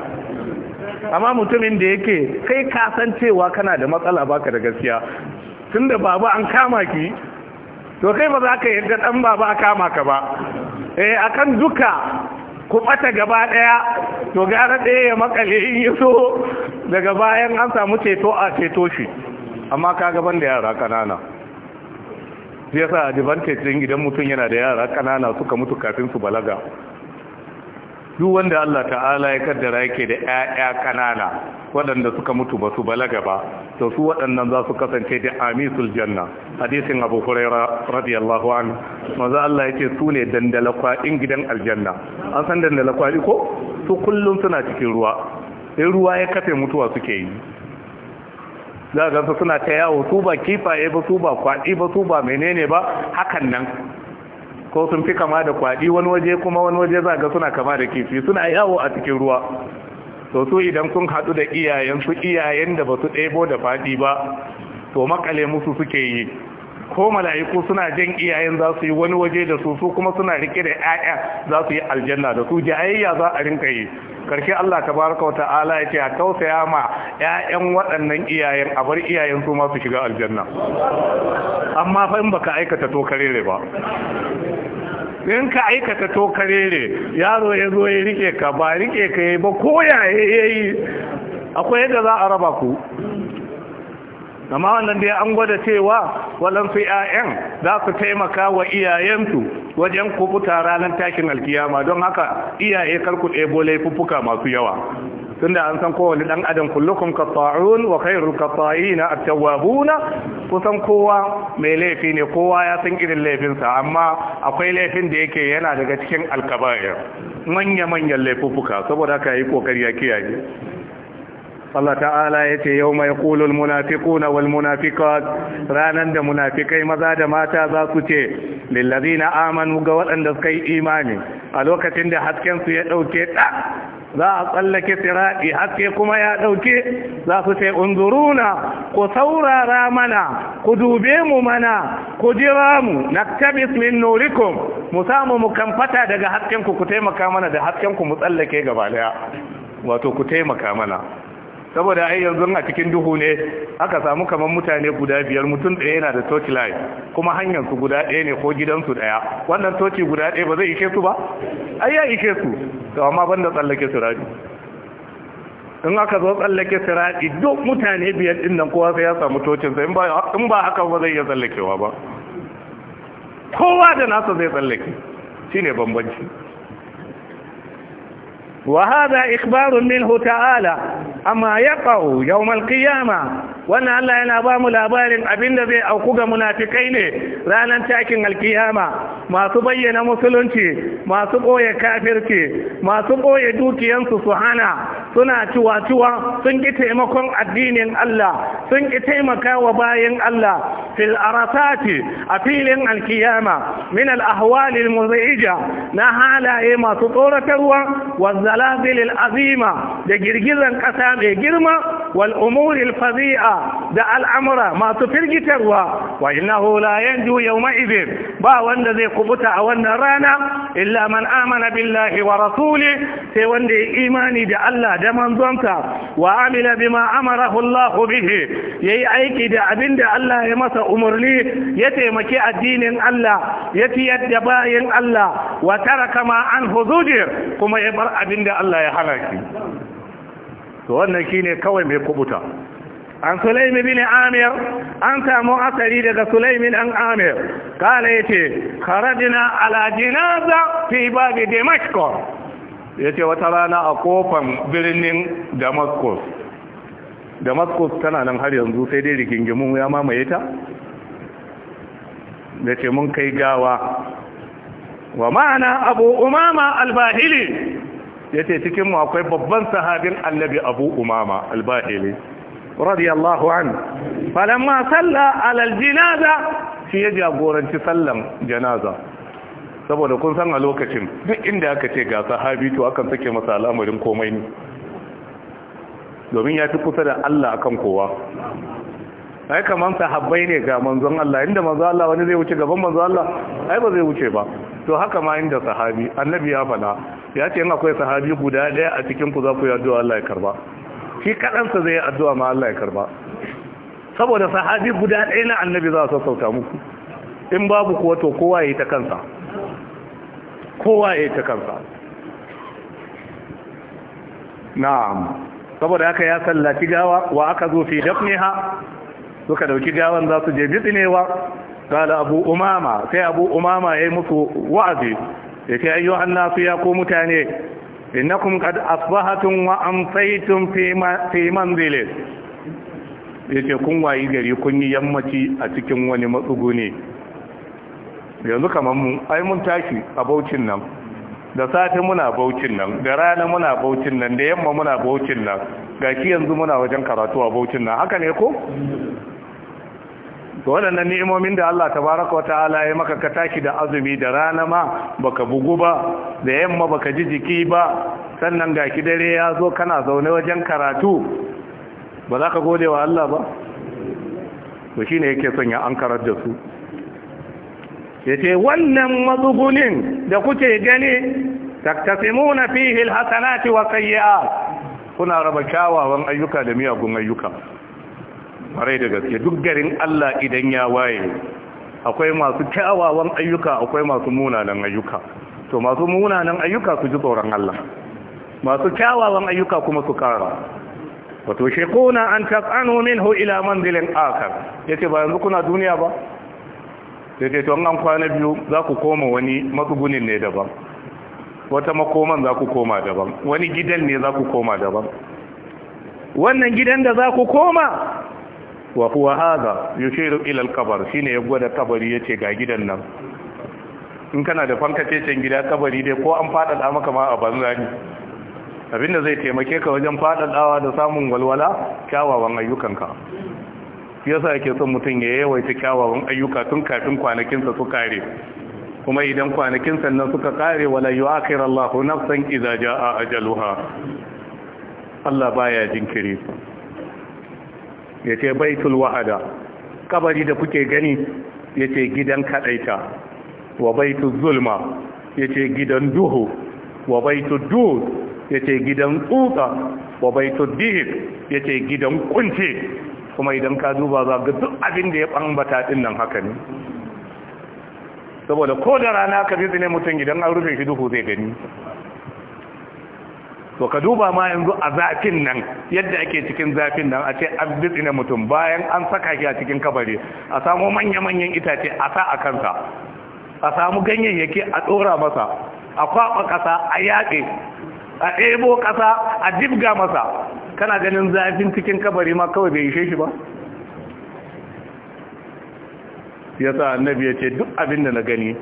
S1: amma mutumin da yake kai ka san cewa kana da matsala baka da gaskiya tunda baba an kama ki to kai ba za ka yarda dan baba a kama ka ba eh akan duka ku bata gaba daya to gara daya ya makale in yaso daga bayan an samu ceto a ceto shi amma ka gaban da yara kanana yasa advantage din idan mutum yana da yara kanana suka mutu kafin su balaga duk wanda Allah ta'ala ya kaddara yake da ƴaƴa kanana waɗanda suka mutu ba su balaga ba to su waɗannan za su kasance da amisul janna hadisin Abu Huraira radiyallahu anhu manzo Allah yake su ne dandalakwaɗin gidan aljanna an san dandalakwaɗi ko su kullum suna cikin ruwa sai ruwa ya kafe mutuwa suke yi za ga su suna ta yawo su ba kifaye ba su ba kwadi ba su ba menene ba hakan nan ko sun fi kama da kwaɗi wani waje kuma wani waje za ga suna kama da kifi suna yawo a cikin ruwa to su idan sun haɗu da iyayensu iyayen da ba su ɗebo da faɗi ba to makale musu suke yi ko mala'iku suna jan iyayen za su yi wani waje da su su kuma suna rike da 'ya'ya za su yi aljanna da su jayayya za a rinka yi karshe Allah tabaraka wa ta'ala ya a tausaya ma 'ya'yan waɗannan iyayen a bar iyayen su ma su shiga aljanna amma fa in baka aikata to karere ba in ka aikata to karere yaro ya zo ya rike ka ba rike ka yi ba koya ya yi akwai yadda za a raba ku amma wannan dai an gwada cewa waɗansu 'ya'yan za su taimaka wa iyayensu wajen kubuta ranar tashin alkiyama don haka iyaye karku ɗebo laifuffuka masu yawa tunda an san kowane dan adam kullukum qata'un wa khairul qata'ina at-tawwabuna kusan kowa mai laifi ne kowa ya san irin laifinsa amma akwai laifin da yake yana daga cikin alkaba'ir manya manyan laifuka saboda ka yi kokari ya kiyaye Allah ta'ala ya ce yau mai ƙulul munafiku wal munafikat ranar da munafikai maza da mata za su ce lillazi na amanu ga waɗanda suka yi imani a lokacin da haskensu ya ɗauke ɗa za a tsallake siraɗi haske kuma ya ɗauke za su ce unzuruna ku saurara mana ku dube mu mana ku jira mu naktabis min nurikum mu samu mu kamfata daga haskenku ku taimaka mana da haskenku mu tsallake gaba daya wato ku taimaka mana saboda ai yanzu a cikin duhu ne aka samu kamar mutane guda biyar mutum ɗaya yana da toci lai kuma hanyar su guda ɗaya ne ko gidansu ɗaya wannan toci guda ɗaya ba zai ishe su ba ai ya ishe su to amma banda tsallake sirari in aka zo tsallake sirari duk mutane biyar din nan kowa sai ya samu tocin sai in ba haka ba zai iya tsallakewa ba kowa da nasa zai tsallake shine bambanci وهذا إخبار منه تعالى أما يقع يوم القيامة وأن الله ينبام الأبار أبن ذي auku ga منافقين ne ننتاكن القيامة ما تبين bayyana ما masu كافرتي ما masu دوكي ينسو suhana suna cuwa-cuwa sun ki taimakon addinin Allah sun ki taimaka wa bayan Allah fil arasati a filin alkiyama min al-ahwalil na halaye masu tsoratarwa wanda zalazilil azima da girgizan ƙasa mai girma wal umuril fazi'a da al'amura masu firgitarwa wa innahu la yanju yawma idin ba wanda zai kubuta a wannan rana illa man amana billahi wa rasuli sai wanda ya imani da Allah da manzonsa wa amila bima amarahu Allah bihi yayi aiki da abinda Allah ya masa umurni ya taimaki addinin Allah ya tiyar da bayin Allah wa taraka ma an huzudir kuma ya bar abin inda Allah ya hana ki to wannan shine kawai mai kubuta an sulaimi bin amir an samu asari daga sulaimin an amir kala yace kharajna ala jinaza fi babi damascus yace wata rana a kofan birnin damascus damascus tana nan har yanzu sai dai rigingimun ya mamaye ta yace mun kai gawa wa ma'ana abu umama albahili ce cikin mu akwai babban sahabin annabi Abu Umama albaili bahili radiyallahu an falamma salla ala janaza shi ya jagoranci sallan janaza saboda kun san a lokacin duk inda aka ce ga sahabi to akan sake masa al'amarin komai ne domin ya fi kusa da Allah akan kowa ai kaman sahabbai ne ga manzon Allah inda manzon Allah wani zai wuce gaban manzon Allah ai ba zai wuce ba to haka ma inda sahabi annabi ya fada ya ce in akwai sahabi guda daya a cikin ku za ku yi addu'a Allah ya karba shi sa zai yi addu'a ma Allah ya karba saboda sahabi guda daya na annabi za su sauta muku in babu kuwa to kowa yayi ta kansa kowa yayi ta kansa na'am saboda haka ya sallaci gawa wa aka zo fi dafniha suka dauki gawan za su je bitinewa kala abu umama sai abu umama ya yi musu wa'azi ya ce an nasu ya ku mutane innakum kad asbahatun wa amsaytum fi Ya ce kun wayi gari kun yi yammaci a cikin wani matsuguni yanzu kamar mu ai mun tashi a baucin nan da safe muna baucin nan da rana muna baucin nan da yamma muna baucin nan gashi yanzu muna wajen karatu a baucin nan haka ne ko to waɗannan ni'imomin da Allah tabaraka wa ta'ala ya maka ka taki da azumi da rana ma baka bugu ba da yamma baka ji jiki ba sannan ga ki dare ya zo kana zaune wajen karatu ba za ka gode wa Allah ba to shine yake son ya ankarar da su yace wannan mazugunin da kuke gani taktasimuna fihi alhasanati wa sayyi'at kuna raba kyawawan ayyuka da miyagun ayyuka marai da gaske duk garin Allah idan ya waye akwai masu kyawawan ayyuka akwai masu munanan ayyuka to masu munanan ayyuka su ji tsoron Allah masu kyawawan ayyuka kuma su kara wato shekuna an tas'anu minhu ila manzilin akhar yace ba yanzu kuna duniya ba yace to an kwana biyu za ku koma wani matsugunin ne daban wata makoman za ku koma daban wani gidan ne za ku koma daban wannan gidan da za ku koma wa huwa hadha yushiru ila al-qabr shine ya gwada kabari yace ga gidan nan in kana da fankacecen gida kabari dai ko an faɗaɗa maka ma a banza ne abinda zai taimake ka wajen faɗaɗawa da samun walwala kyawawan ayyukanka yasa yake son mutum ya yawaita kyawawan ayyuka tun kafin kwanakinsa su kare kuma idan kwanakin sannan suka kare wala yu'akhiru Allahu nafsan idza jaa ajaluha Allah baya jinkiri ya ce baitul wahada kabari da kuke gani ya ce gidan kadaita wa baitu zulma ya ce gidan duhu wa baitu dud ya ce gidan tsutsa wa baitu dihid ya ce gidan kunce kuma idan ka zuba za ga duk abin da ya ɓambata ɗin nan haka ne saboda ko da rana ka zai ne mutum idan an rufe shi duhu zai gani to ka duba ma yanzu a zafin nan yadda ake cikin zafin nan a ce an bitsina mutum bayan an saka shi a cikin kabari a samu manya-manyan itace a sa a kansa a samu ganyayyaki a ɗora masa a kwaɓa ƙasa a yaƙe a ɗebo ƙasa a jibga masa kana ganin zafin cikin kabari ma kawai bai ishe shi ba ya sa annabi ya ce duk abin da na gani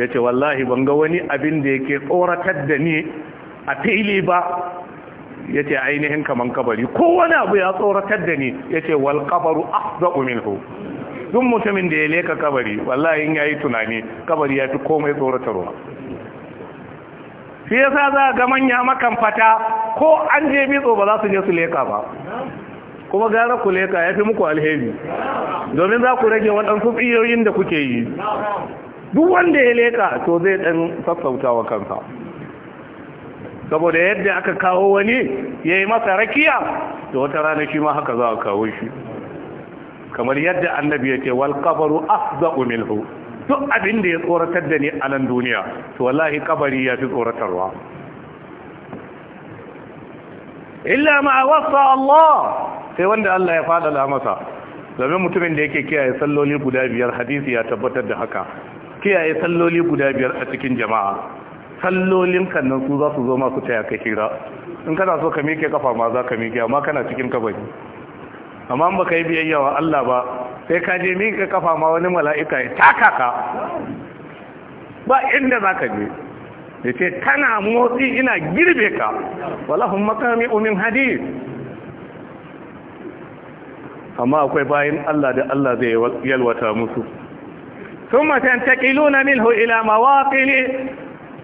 S1: ya ce wallahi ban ga wani abin da yake tsoratar da ni a fili ba ya ce ainihin kaman kabari wani abu ya tsoratar da ni ya ce wal kabaru afza'u minhu duk mutumin da ya leka kabari wallahi in yi tunani kabari ya fi komai tsoratarwa shi sa za ga manya makan fata ko an je bitso ba za su je su leka ba kuma gara ku leka ya fi muku alheri domin za ku rage waɗansu tsiyoyin da kuke yi duk wanda ya leka to zai ɗan sassautawa kansa saboda yadda aka kawo wani ya yi masa rakiya da wata rana shi ma haka za a kawo shi kamar yadda annabi ya ce wal kafaru afza'u minhu duk abin da ya tsoratar da ni a nan duniya to wallahi kabari ya fi tsoratarwa illa ma wasa Allah sai wanda Allah ya fadala masa domin mutumin da yake kiyaye salloli guda biyar hadisi ya tabbatar da haka kiyaye salloli guda biyar a cikin jama'a sallolin kannan su za su zo masu taya ka kira in kana so ka miƙe kafa ma za ka miƙe amma kana cikin kabari amma ba ka yi biyayya wa Allah ba sai ka je miƙe kafa ma wani mala'ika ya taka ka ba inda za ka je ya ce kana motsi ina girbe ka walahun makami umin hadis amma akwai bayan Allah da Allah zai yalwata musu sun matan taƙiluna milhu ila ne.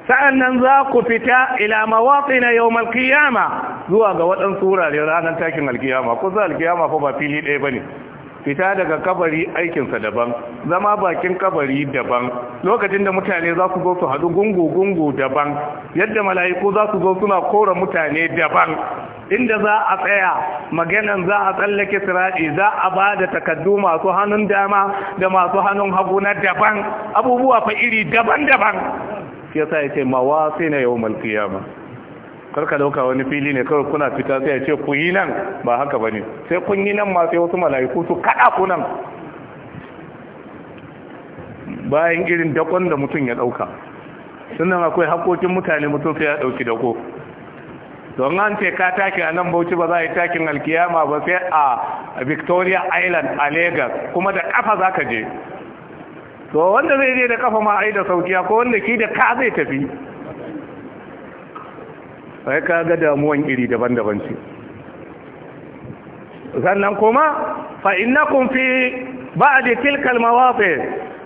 S1: sa'annan za ku fita ila mawaƙina yau malkiyama zuwa ga waɗansu wuraren ranar takin alkiyama kusa alkiyama fa ba fili ɗaya ba ne fita daga kabari aikinsa daban zama bakin kabari daban lokacin da mutane za su zo su haɗu gungu-gungu daban yadda mala'iku za su zo suna kora mutane daban inda za a tsaya maganan za a tsallake siraɗi za a ba da takaddu masu hannun dama da masu hannun hagu na daban abubuwa fa iri daban-daban shi yasa ya ce mawasi na yau malkiyama karka dauka wani fili ne kawai kuna fita sai ya ku yi nan ba haka ba ne sai kun yi nan ma sai wasu mala'iku su kada ku nan bayan irin dakon da mutum ya dauka sannan akwai hakokin mutane mutum sai ya ɗauki dako don an ce ka taki a nan bauchi ba za a yi takin alkiyama ba sai a victoria island a lagos kuma da kafa za ka je to wanda zai je da kafa ma ai da sauki ko wanda ki da ka zai tafi sai ka ga damuwan iri daban-daban ce sannan kuma fa innakum fi da tilkal mawaqi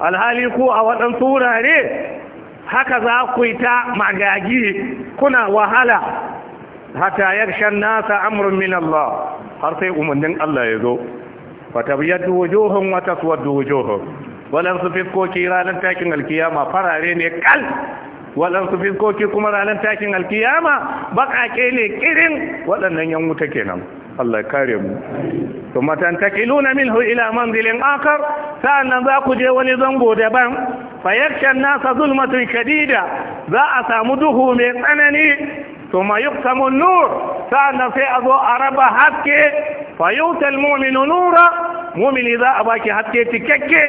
S1: alhali ku a waɗansu wurare haka za ku yi ta magagi kuna wahala hata yarshan nasa amrun min Allah har sai umarnin Allah ya zo fa tabyaddu wujuhum wa taswaddu wujuhum waɗansu fiskoki ranar takin alkiyama farare ne kal waɗansu fiskoki kuma ranar takin alkiyama baƙaƙe ne ƙirin waɗannan yan wuta kenan Allah kare mu kuma tantakiluna minhu ila manzilin akar sa'annan za ku je wani zango daban fayakshan nasa zulmatun shadida za a samu duhu mai tsanani to ma yuktamun nur sa'annan sai a zo a raba haske fa yutal mu'minu nura mu'mini za a baki haske cikakke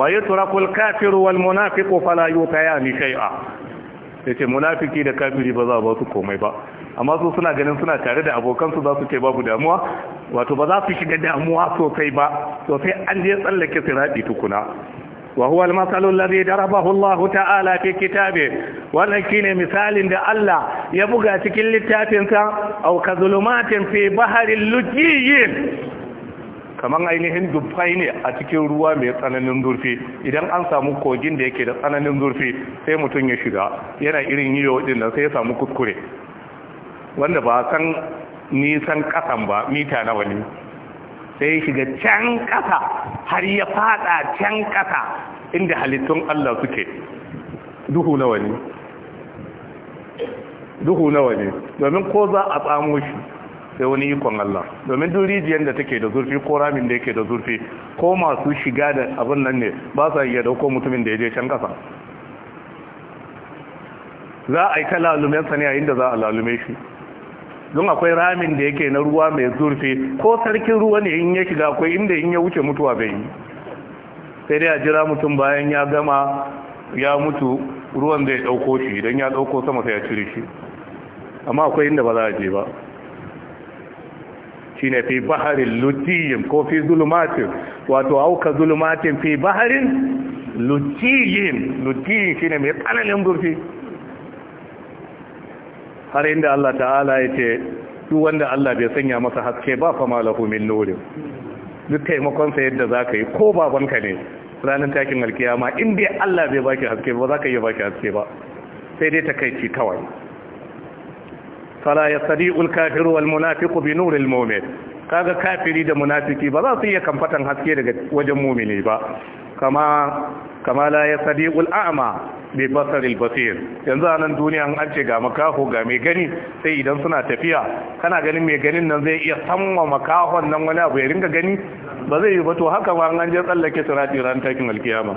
S1: wa yutrakul kafiru wal munafiqu fala yutayani shay'a yace munafiki da kafiri ba za ba su komai ba amma su suna ganin suna tare da abokansu za su ce babu damuwa wato ba za su shiga damuwa sosai ba sosai an je tsallake siradi tukuna وهو المثل الذي ضربه الله تعالى في كتابه ولكن مثال ده الله يبغى تكل لتافنسا أو كظلمات في بحر
S2: اللجي
S1: kamar ainihin dubbai ne a cikin ruwa mai tsananin zurfi idan an samu kogin da yake da tsananin zurfi sai mutum ya shiga yana irin yi din nan sai ya samu kuskure wanda ba san nisan kasan ba mita na ne sai ya shiga can ƙasa har ya fada can ƙasa inda halittun Allah suke duhu nawa ne duhu nawa ne domin ko za a tsamo shi sai wani ikon Allah domin duk rijiyar da take da zurfi ko ramin da yake da zurfi ko masu shiga da abin nan ne ba sa iya dauko mutumin da ya je can ƙasa. za a yi ta lalumensa ne yayin da za a lalume shi don akwai ramin da yake na ruwa mai zurfi ko sarkin ruwa ne in ya shiga akwai inda in ya wuce mutuwa bai yi sai dai a jira mutum bayan ya gama ya mutu ruwan zai ɗauko shi idan ya ɗauko sama sai ya cire shi amma akwai inda ba za a je ba shi ne fi baharin lutiyin ko fi zulmatin wato auka zulmatin fi baharin lutiyin lutiyin shi ne mai tsananin zurfi har inda Allah ta'ala ya ce duk wanda Allah bai sanya masa haske ba fa malahu min nurin duk taimakon sa yadda zaka yi ko babanka ne ranar takin alkiyama in dai Allah bai baki haske ba zaka yi baki haske ba sai dai takeici kawai fala yastadi'ul kafiru wal munafiqu bi nuril mu'min kaga kafiri da munafiki ba za su iya kamfatan haske daga wajen mumini ba kama kama la yastadi'ul a'ma mai basaril basir yanzu anan duniya an ce ga makaho ga mai gani sai idan suna tafiya kana ganin mai ganin nan zai iya samma makahon nan wani abu ya ringa gani ba zai yi ba to haka ma an je tsallake sirati ran takin alkiyama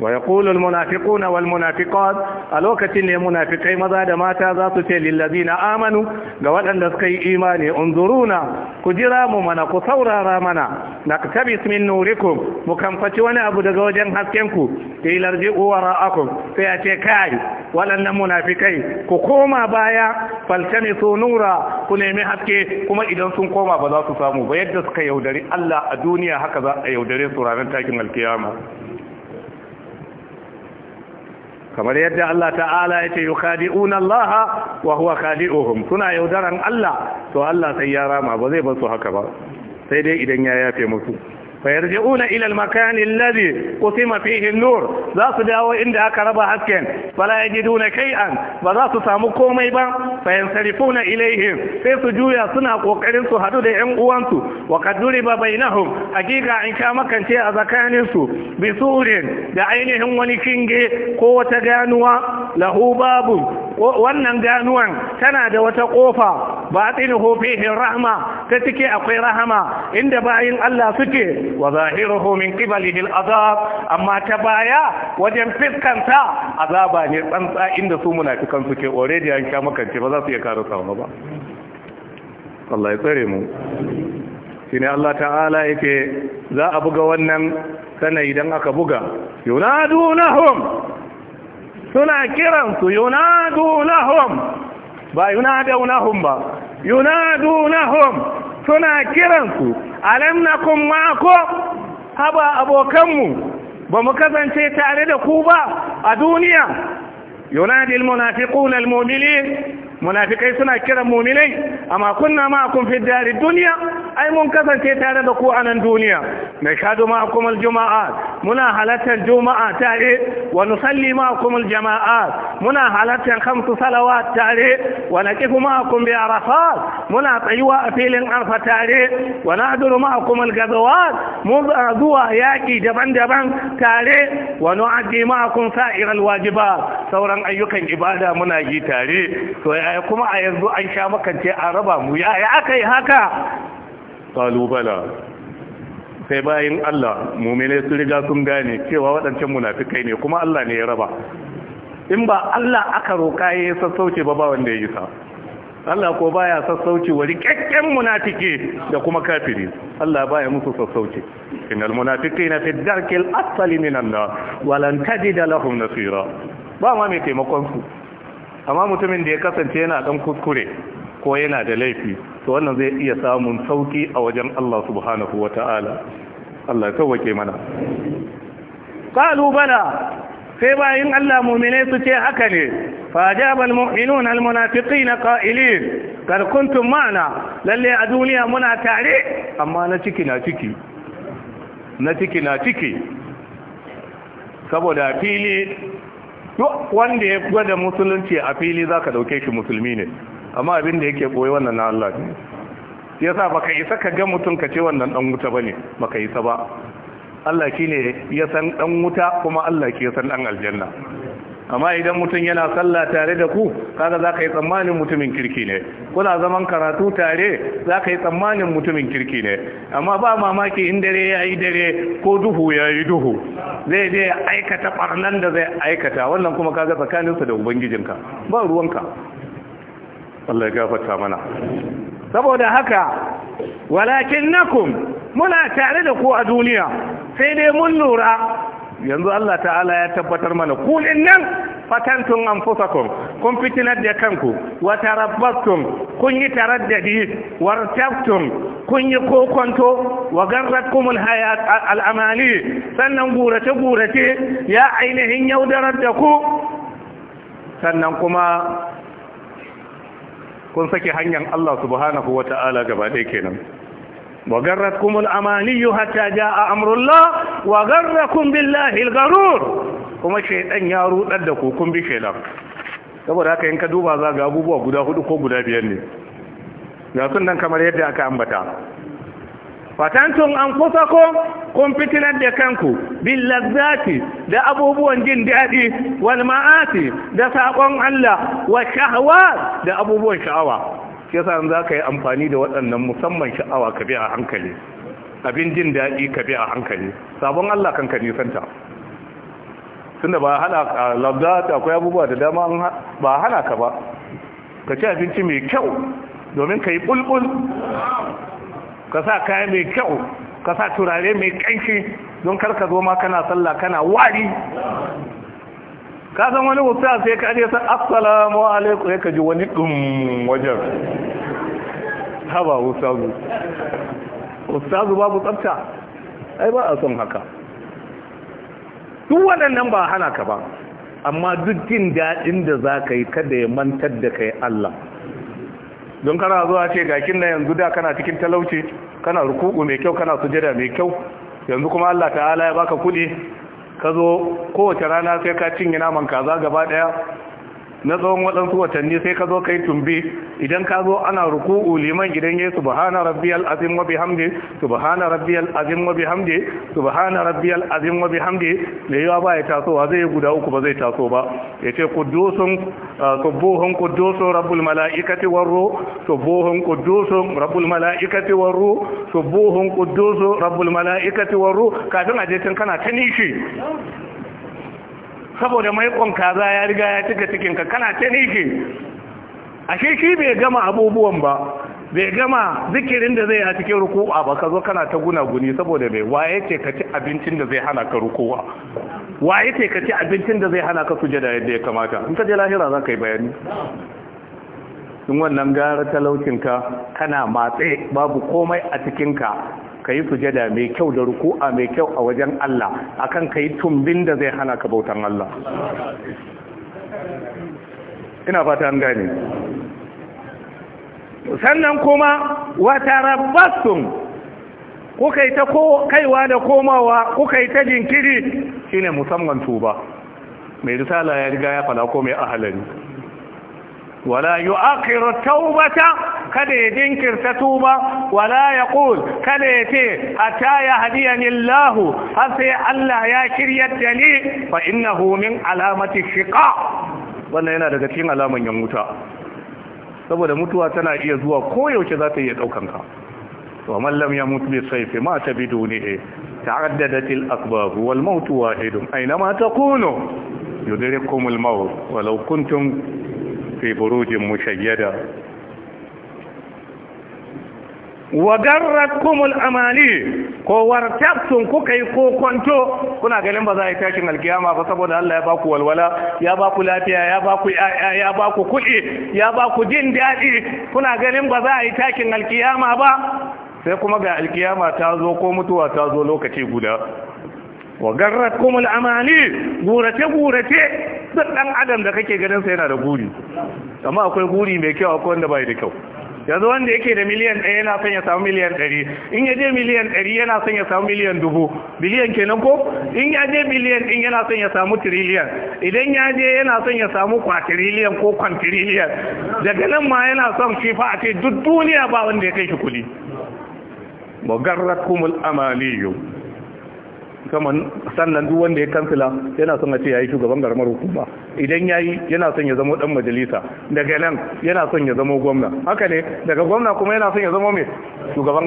S1: wa yaqulu almunafiquna walmunafiqat a lokacin ne munafikai maza da mata za su ce na amanu ga waɗanda suka yi imani unzuruna ku jira mu mana ku saurara mana naktabis min nurikum mu kamfaci wani abu daga wajen hasken ku ilar ji wara'akum sai a ce kai waɗannan munafikai ku koma baya faltamisu nura ku nemi haske kuma idan sun koma ba za su samu ba yadda suka yaudari Allah a duniya haka za a yaudare su ranar takin alkiyama kamar yadda Allah ta'ala ya ce yukhadi'una Allah wa huwa khadi'uhum suna yaudaran Allah to Allah sai ya rama ba zai bar su haka ba sai dai idan ya yafe musu فيرجعون إلى المكان الذي قسم فيه النور ذات دعوة عند أقرب حقا فلا يجدون شيئا وذات سامكو ميبا فينصرفون إليهم في سجوية سنة وقرن سهدود عمقوانس وقد ضرب بينهم حقيقة إن كان مكان شيء أذكانس بسور بعينهم ونكينج قوة جانوة له باب wannan ganuwan tana da wata kofa batinuhu fihi rahma ta cike akwai rahama inda bayin Allah suke wa zahiruhu min qibalihi al'azab amma ta baya wajen fiskanta azaba ne tsantsa inda su munafikan suke already an sha makance ba za su iya kare sauna ba Allah ya tsare mu shine Allah ta'ala yake za a buga wannan sana idan aka buga yunadunahum suna kiransu yunadunahum ba yunaduwnahum ba yunadunahum suna kiransu alamnakun mako ma'akum haba abokanmu ba mu kasance tare da ku ba a duniya yunadil munafiquna almu'minin munafikai suna kiran muminai amma kunna ma'akum fi dari duniya ai mun kasance tare da ku a nan duniya na shadu ma'akum juma'a muna halartar juma'a tare wa nusalli ma'akum aljama'a muna halartar khamsu salawat tare wa naqifu ma'akum bi arafat muna tsayuwa a filin arfa tare wa nahduru ma'akum algazawat mun zuwa yaki daban-daban tare wa nu'addi ma'akum sa'ir alwajibat sauran ayyukan ibada muna yi tare to ya yaya kuma a yanzu an sha makance a raba mu yaya aka yi haka kalubala sai bayan Allah mumine su riga sun gane cewa waɗancan munafikai ne kuma Allah ne ya raba in ba Allah aka roƙa ya sassauce ba ba wanda ya yi sa Allah ko baya sassauci wa rikakken munafiki da kuma kafiri Allah baya musu sassauci innal munafiqina fi darkil asfali minan nar walan tajida lahum nasira ba ma mai taimakon su amma mutumin da ya kasance yana dan kuskure ko yana da laifi to wannan zai iya samun sauki a wajen Allah subhanahu wata'ala Allah ya tawake mana qalu bala sai bayin Allah mu'mine su ce haka ne fa jabal mu'minuna al munafiqina qa'ilin kar kuntum ma'ana lalle a duniya muna tare amma na ciki na ciki na ciki na ciki saboda fili duk wanda ya gwada musulunci a fili za ka dauke shi musulmi ne amma abin da yake koyi wannan na Allah ne ya sa baka isa ka ga mutum ka ce wannan dan wuta bane baka isa ba Allah shine ya san dan wuta kuma Allah ke ya san dan aljanna amma idan mutum yana sallah tare da ku kaga za ka yi tsammanin mutumin kirki ne kuna zaman karatu tare za ka yi tsammanin mutumin kirki ne amma ba mamaki in dare ya yi dare ko duhu ya yi duhu zai je aikata barnan da zai aikata wannan kuma kaga tsakaninsa da ubangijinka ba ruwanka Allah ya gafarta mana saboda haka walakin nakum muna tare da ku a duniya sai dai mun lura yanzu Allah ta'ala ya tabbatar mana kulin nan fatantun anfusakum kun fitinar da kanku wa tarabbatum kun yi taraddadi wartabtum kun yi kokonto wa garratkumul hayat al'amali sannan gurace gurace ya ainihin yaudarar da ku sannan kuma kun sake hanyar Allah subhanahu wata'ala gaba ɗaya kenan وغرتكم الاماني حتى جاء امر الله وغركم بالله الغرور kuma shaidan ya rudar da ku kun bi shaidan saboda haka in ka duba za ga abubuwa guda hudu ko guda biyar ne ga sun nan kamar yadda aka ambata fatantun an kusa ko kun fitinar da kanku bil lazzati da abubuwan jin daɗi wal ma'ati da saƙon Allah wa shahwa da abubuwan sha'awa shi yasa an za ka yi amfani da waɗannan musamman sha'awa ka bi a hankali abin jin daɗi ka bi a hankali sabon Allah kan ka nisanta tunda ba hana labda akwai abubuwa da dama ba hana ka ba ka ci abinci mai kyau domin ka yi bulbul ka sa kaya mai kyau ka sa turare mai kanshi don karka zo ma kana sallah kana wari ka san wani wuta sai ka je san assalamu alaikum ya kaji wani ɗin wajen haba Wuta zu babu tsafta ai ba a son haka duk waɗannan ba hana ka ba amma duk jin daɗin da za ka yi kada ya mantar da kai Allah don kana zuwa ce gakin na yanzu da kana cikin talauci kana rukuku mai kyau kana sujada mai kyau yanzu kuma Allah ta'ala ya baka kuɗi ka zo kowace rana sai ka cinye naman kaza gaba daya na tsawon waɗansu watanni sai ka zo kai tumbi idan ka zo ana ruku'u liman gidan yayi subhana rabbiyal azim wa bihamdi subhana rabbiyal azim wa bihamdi subhana rabbiyal azim wa bihamdi da yawa ba ya taso wa zai guda uku ba zai taso ba ya ce kudusun ah, subuhun kudusun rabbul malaikati war ruh subuhun kudusun rabbul malaikati war ruh subuhun kudusun rabbul malaikati war ruh kafin aje tun kana ta nishi saboda maikon kaza ya riga ya cika cikinka kana ta nike ashe shi bai gama abubuwan ba bai gama zikirin da zai a cikin rukuwa ba ka zo kana ta gunaguni saboda mai waye ce ka ci abincin da zai hana ka rukuwa waye ce ka ci abincin da zai hana ka sujada yadda ya kamata in ka je lahira za ka yi bayani in wannan gara talaucinka kana matse babu komai a cikinka ka yi sujada mai kyau da ruku'a mai kyau a wajen Allah akan ka yi tumbin da zai hana ka bautan Allah ina fata an gane sannan kuma wata rabbastum kuka yi ta kaiwa da komawa kuka yi ta jinkiri shi ne musamman tuba mai risala ya riga ya fala ko mai ahalari wala yu'akhiru taubata kada ya jinkirta tuba wala yaqul kada ya ce hatta ya hadiyani har sai Allah ya kiryar da ni fa innahu min alamati shiqa wannan yana daga cikin alaman yan wuta saboda mutuwa tana iya zuwa koyaushe za ta iya daukan ya wa man lam yamut bi sayfi ma tabiduni ta'addadat al-asbab wal maut wahid aynama takunu yudrikum al-maut walau fi burujin mushayyada wa garrakumul amali ko wartabtum kuka yi kwanto, kuna ganin ba za a yi tashin alkiyama ba saboda Allah ya ba ku walwala ya ba ku lafiya ya ba ku ya ba ku kuɗi ya ba ku jin daɗi kuna ganin ba za a yi tashin alkiyama ba sai kuma ga alkiyama ta zo ko mutuwa ta zo lokaci guda wa garrat kumul amani gurace gurace duk dan adam da kake ganin sa yana da guri amma akwai guri mai kyau akwai wanda bai da kyau yanzu wanda yake da miliyan ɗaya yana son ya samu miliyan ɗari in ya je miliyan ɗari yana son ya samu miliyan dubu Miliyan kenan ko in ya je miliyan ɗin yana son ya samu tiriliyan idan ya je yana son ya samu kwatiriliyan ko kwantiriliyan daga nan ma yana son shi fa a ce duk duniya ba wanda ya kai shi kuɗi mugarrakumul amaliyu saman sannan duk wanda ya kansila yana son a ce ya yi shugaban garmar hukuma idan ya yi yana son ya zama dan majalisa daga nan yana son ya zama gwamna haka ne daga gwamna kuma yana son ya zama mai shugaban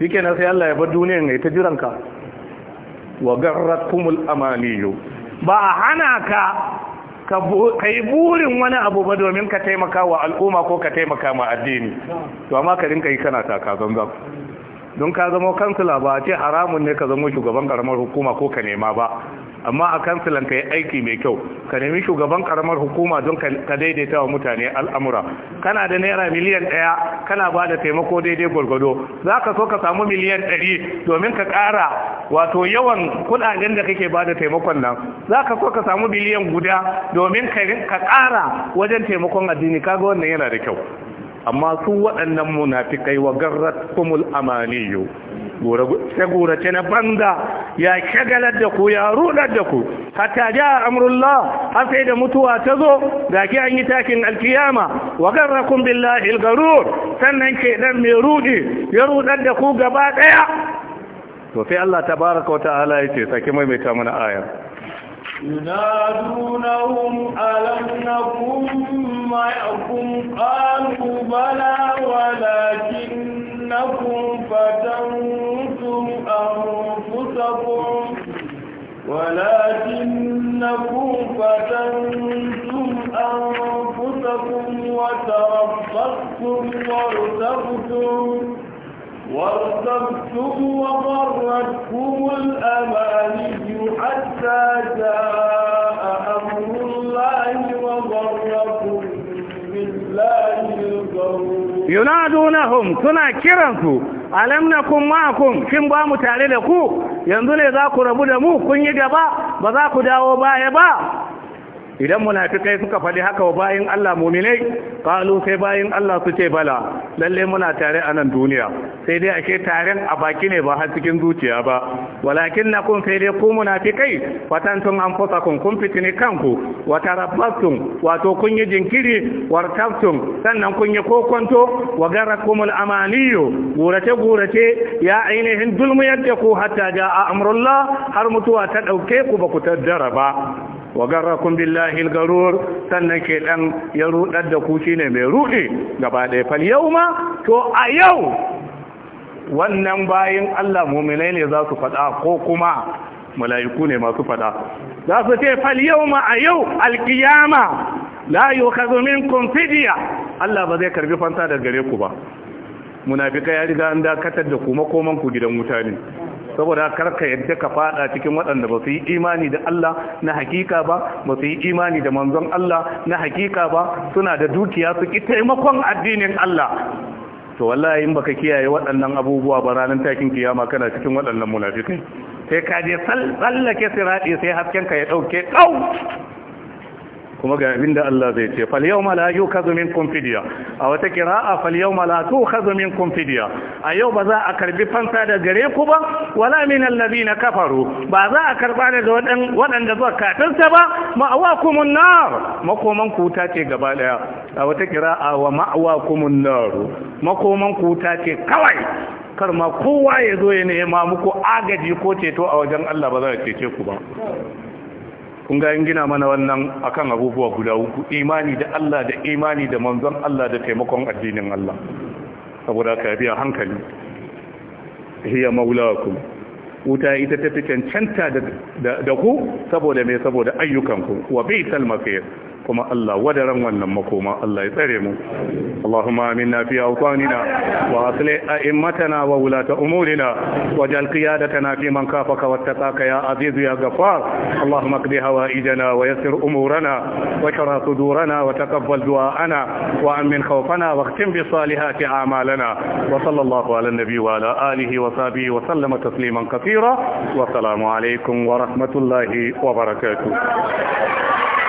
S1: Fike na sai Allah ya bar duniyar ne ta jiranka wa garrakumul amaniyu ba a hana ka ka yi burin wani abu ba domin ka taimaka wa al'umma ko ka taimaka ma addini to amma ka rinka yi kana taka zanzan don ka zama kansila ba ce haramun ne ka zama shugaban karamar hukuma ko ka nema ba amma a kansilan ka yi aiki mai kyau ka nemi shugaban karamar hukuma don ka daidaita wa mutane al'amura kana da naira miliyan ɗaya kana ba da taimako daidai gwargwado za ka so ka samu miliyan ɗari domin ka ƙara wato yawan kuɗaɗen da kake ba da taimakon nan za ka so ka samu biliyan guda domin ka ƙara wajen taimakon addini kaga wannan yana da kyau amma su waɗannan munafikai wa garrat kumul amaniyu gurace na banza ya shagalar da ku ya rudar da ku hatta ja amrullah har sai da mutuwa ta zo ga ki an yi takin alkiyama wa garrakum billahi algarur sannan ke dan mai rudi ya rudar da ku gaba daya to sai Allah tabaraka wa ta'ala yace saki mai mai ta mana ayar
S2: ينادونهم ألم نكن معكم قالوا بلى ولكنكم فتنتم أنفسكم ولكنكم فتنتم أنفسكم وتربصتم وارتبتم وارتبتم وغرتكم الأماني حتى جاء أمر الله وغركم بالله الغرور
S1: ينادونهم كنا كرنكم alam na kun ma'akum kin ba mu tare da ku yanzu ne za ku rabu da mu kun yi gaba ba za ku dawo baya ba idan munafikai suka faɗi haka wa bayin Allah muminai kalu sai bayin Allah su ce bala lalle muna tare a nan duniya sai dai ake taren a baki ne ba har cikin zuciya ba Walakin walakinnakum sai dai ku munafikai fatantum anfusakum kun fitini kanku wa tarabbastum wato kun yi jinkiri wartabtum sannan kun yi kokonto wa garakumul amaniyu gurace gurace ya ainihin dulmu yadda ku hatta ja'a amrullah har mutuwa ta dauke ku ba ku taddara ba wa garrakum billahi al-garur sannan ke dan ya rudar da ku shine mai rudi gaba da fal yauma to a yau wannan bayin Allah mu'minai ne za su fada ko kuma mala'iku ne masu fada za su ce fal yauma a yau al-qiyama la yukhadhu minkum fidya Allah ba zai karbi fanta daga gare ku ba munafika ya riga an dakatar da ku makoman gidan mutane saboda karka yadda ka fada cikin waɗanda ba su yi imani da Allah na hakika ba ba su yi imani da manzon Allah na hakika ba suna da dukiya su ki taimakon addinin Allah to wallahi in baka kiyaye waɗannan abubuwa ba ranar takin kiyama kana cikin waɗannan munafikai sai ka je sallake sirati sai hasken ka ya dauke kau kuma ga abin da Allah zai ce fal yau malayu yukhadhu minkum kumfidiya a wata a fal yau malatu tukhadhu minkum kumfidiya a yau ba za a karbi fansa da gare ku ba wala min na kafaru ba za a karba daga wadan waɗanda zuwa kafirta ba ma'awakumun nar makoman ku ta ce gaba daya a wata a wa ma'awakumun nar makoman ta ce kawai kar ma kowa ya zo ya nema muku agaji ko ceto a wajen Allah ba za a cece ku ba kun ga yin gina mana wannan akan abubuwa guda uku imani da Allah da imani da manzon Allah da taimakon addinin Allah saboda ka biya hankali hiya maulakum wuta ita ta fi cancanta da ku saboda mai saboda ayyukanku wa bai talmafe kuma Allah wadaran wannan makoma Allah ya tsare mu Allahumma aminna fi awtanina wa asli a'immatana wa wulata umurina waj'al qiyadatana fi man kafaka wattaqaka ya aziz ya ghafar Allahumma qdi hawaijana wa yassir umurana wa shara sudurana wa taqabbal du'ana wa amin khawfana wa bi salihati a'malana wa sallallahu ala wa ala alihi wa sahbihi wa sallama tasliman kathira كثيرا والسلام عليكم ورحمة الله وبركاته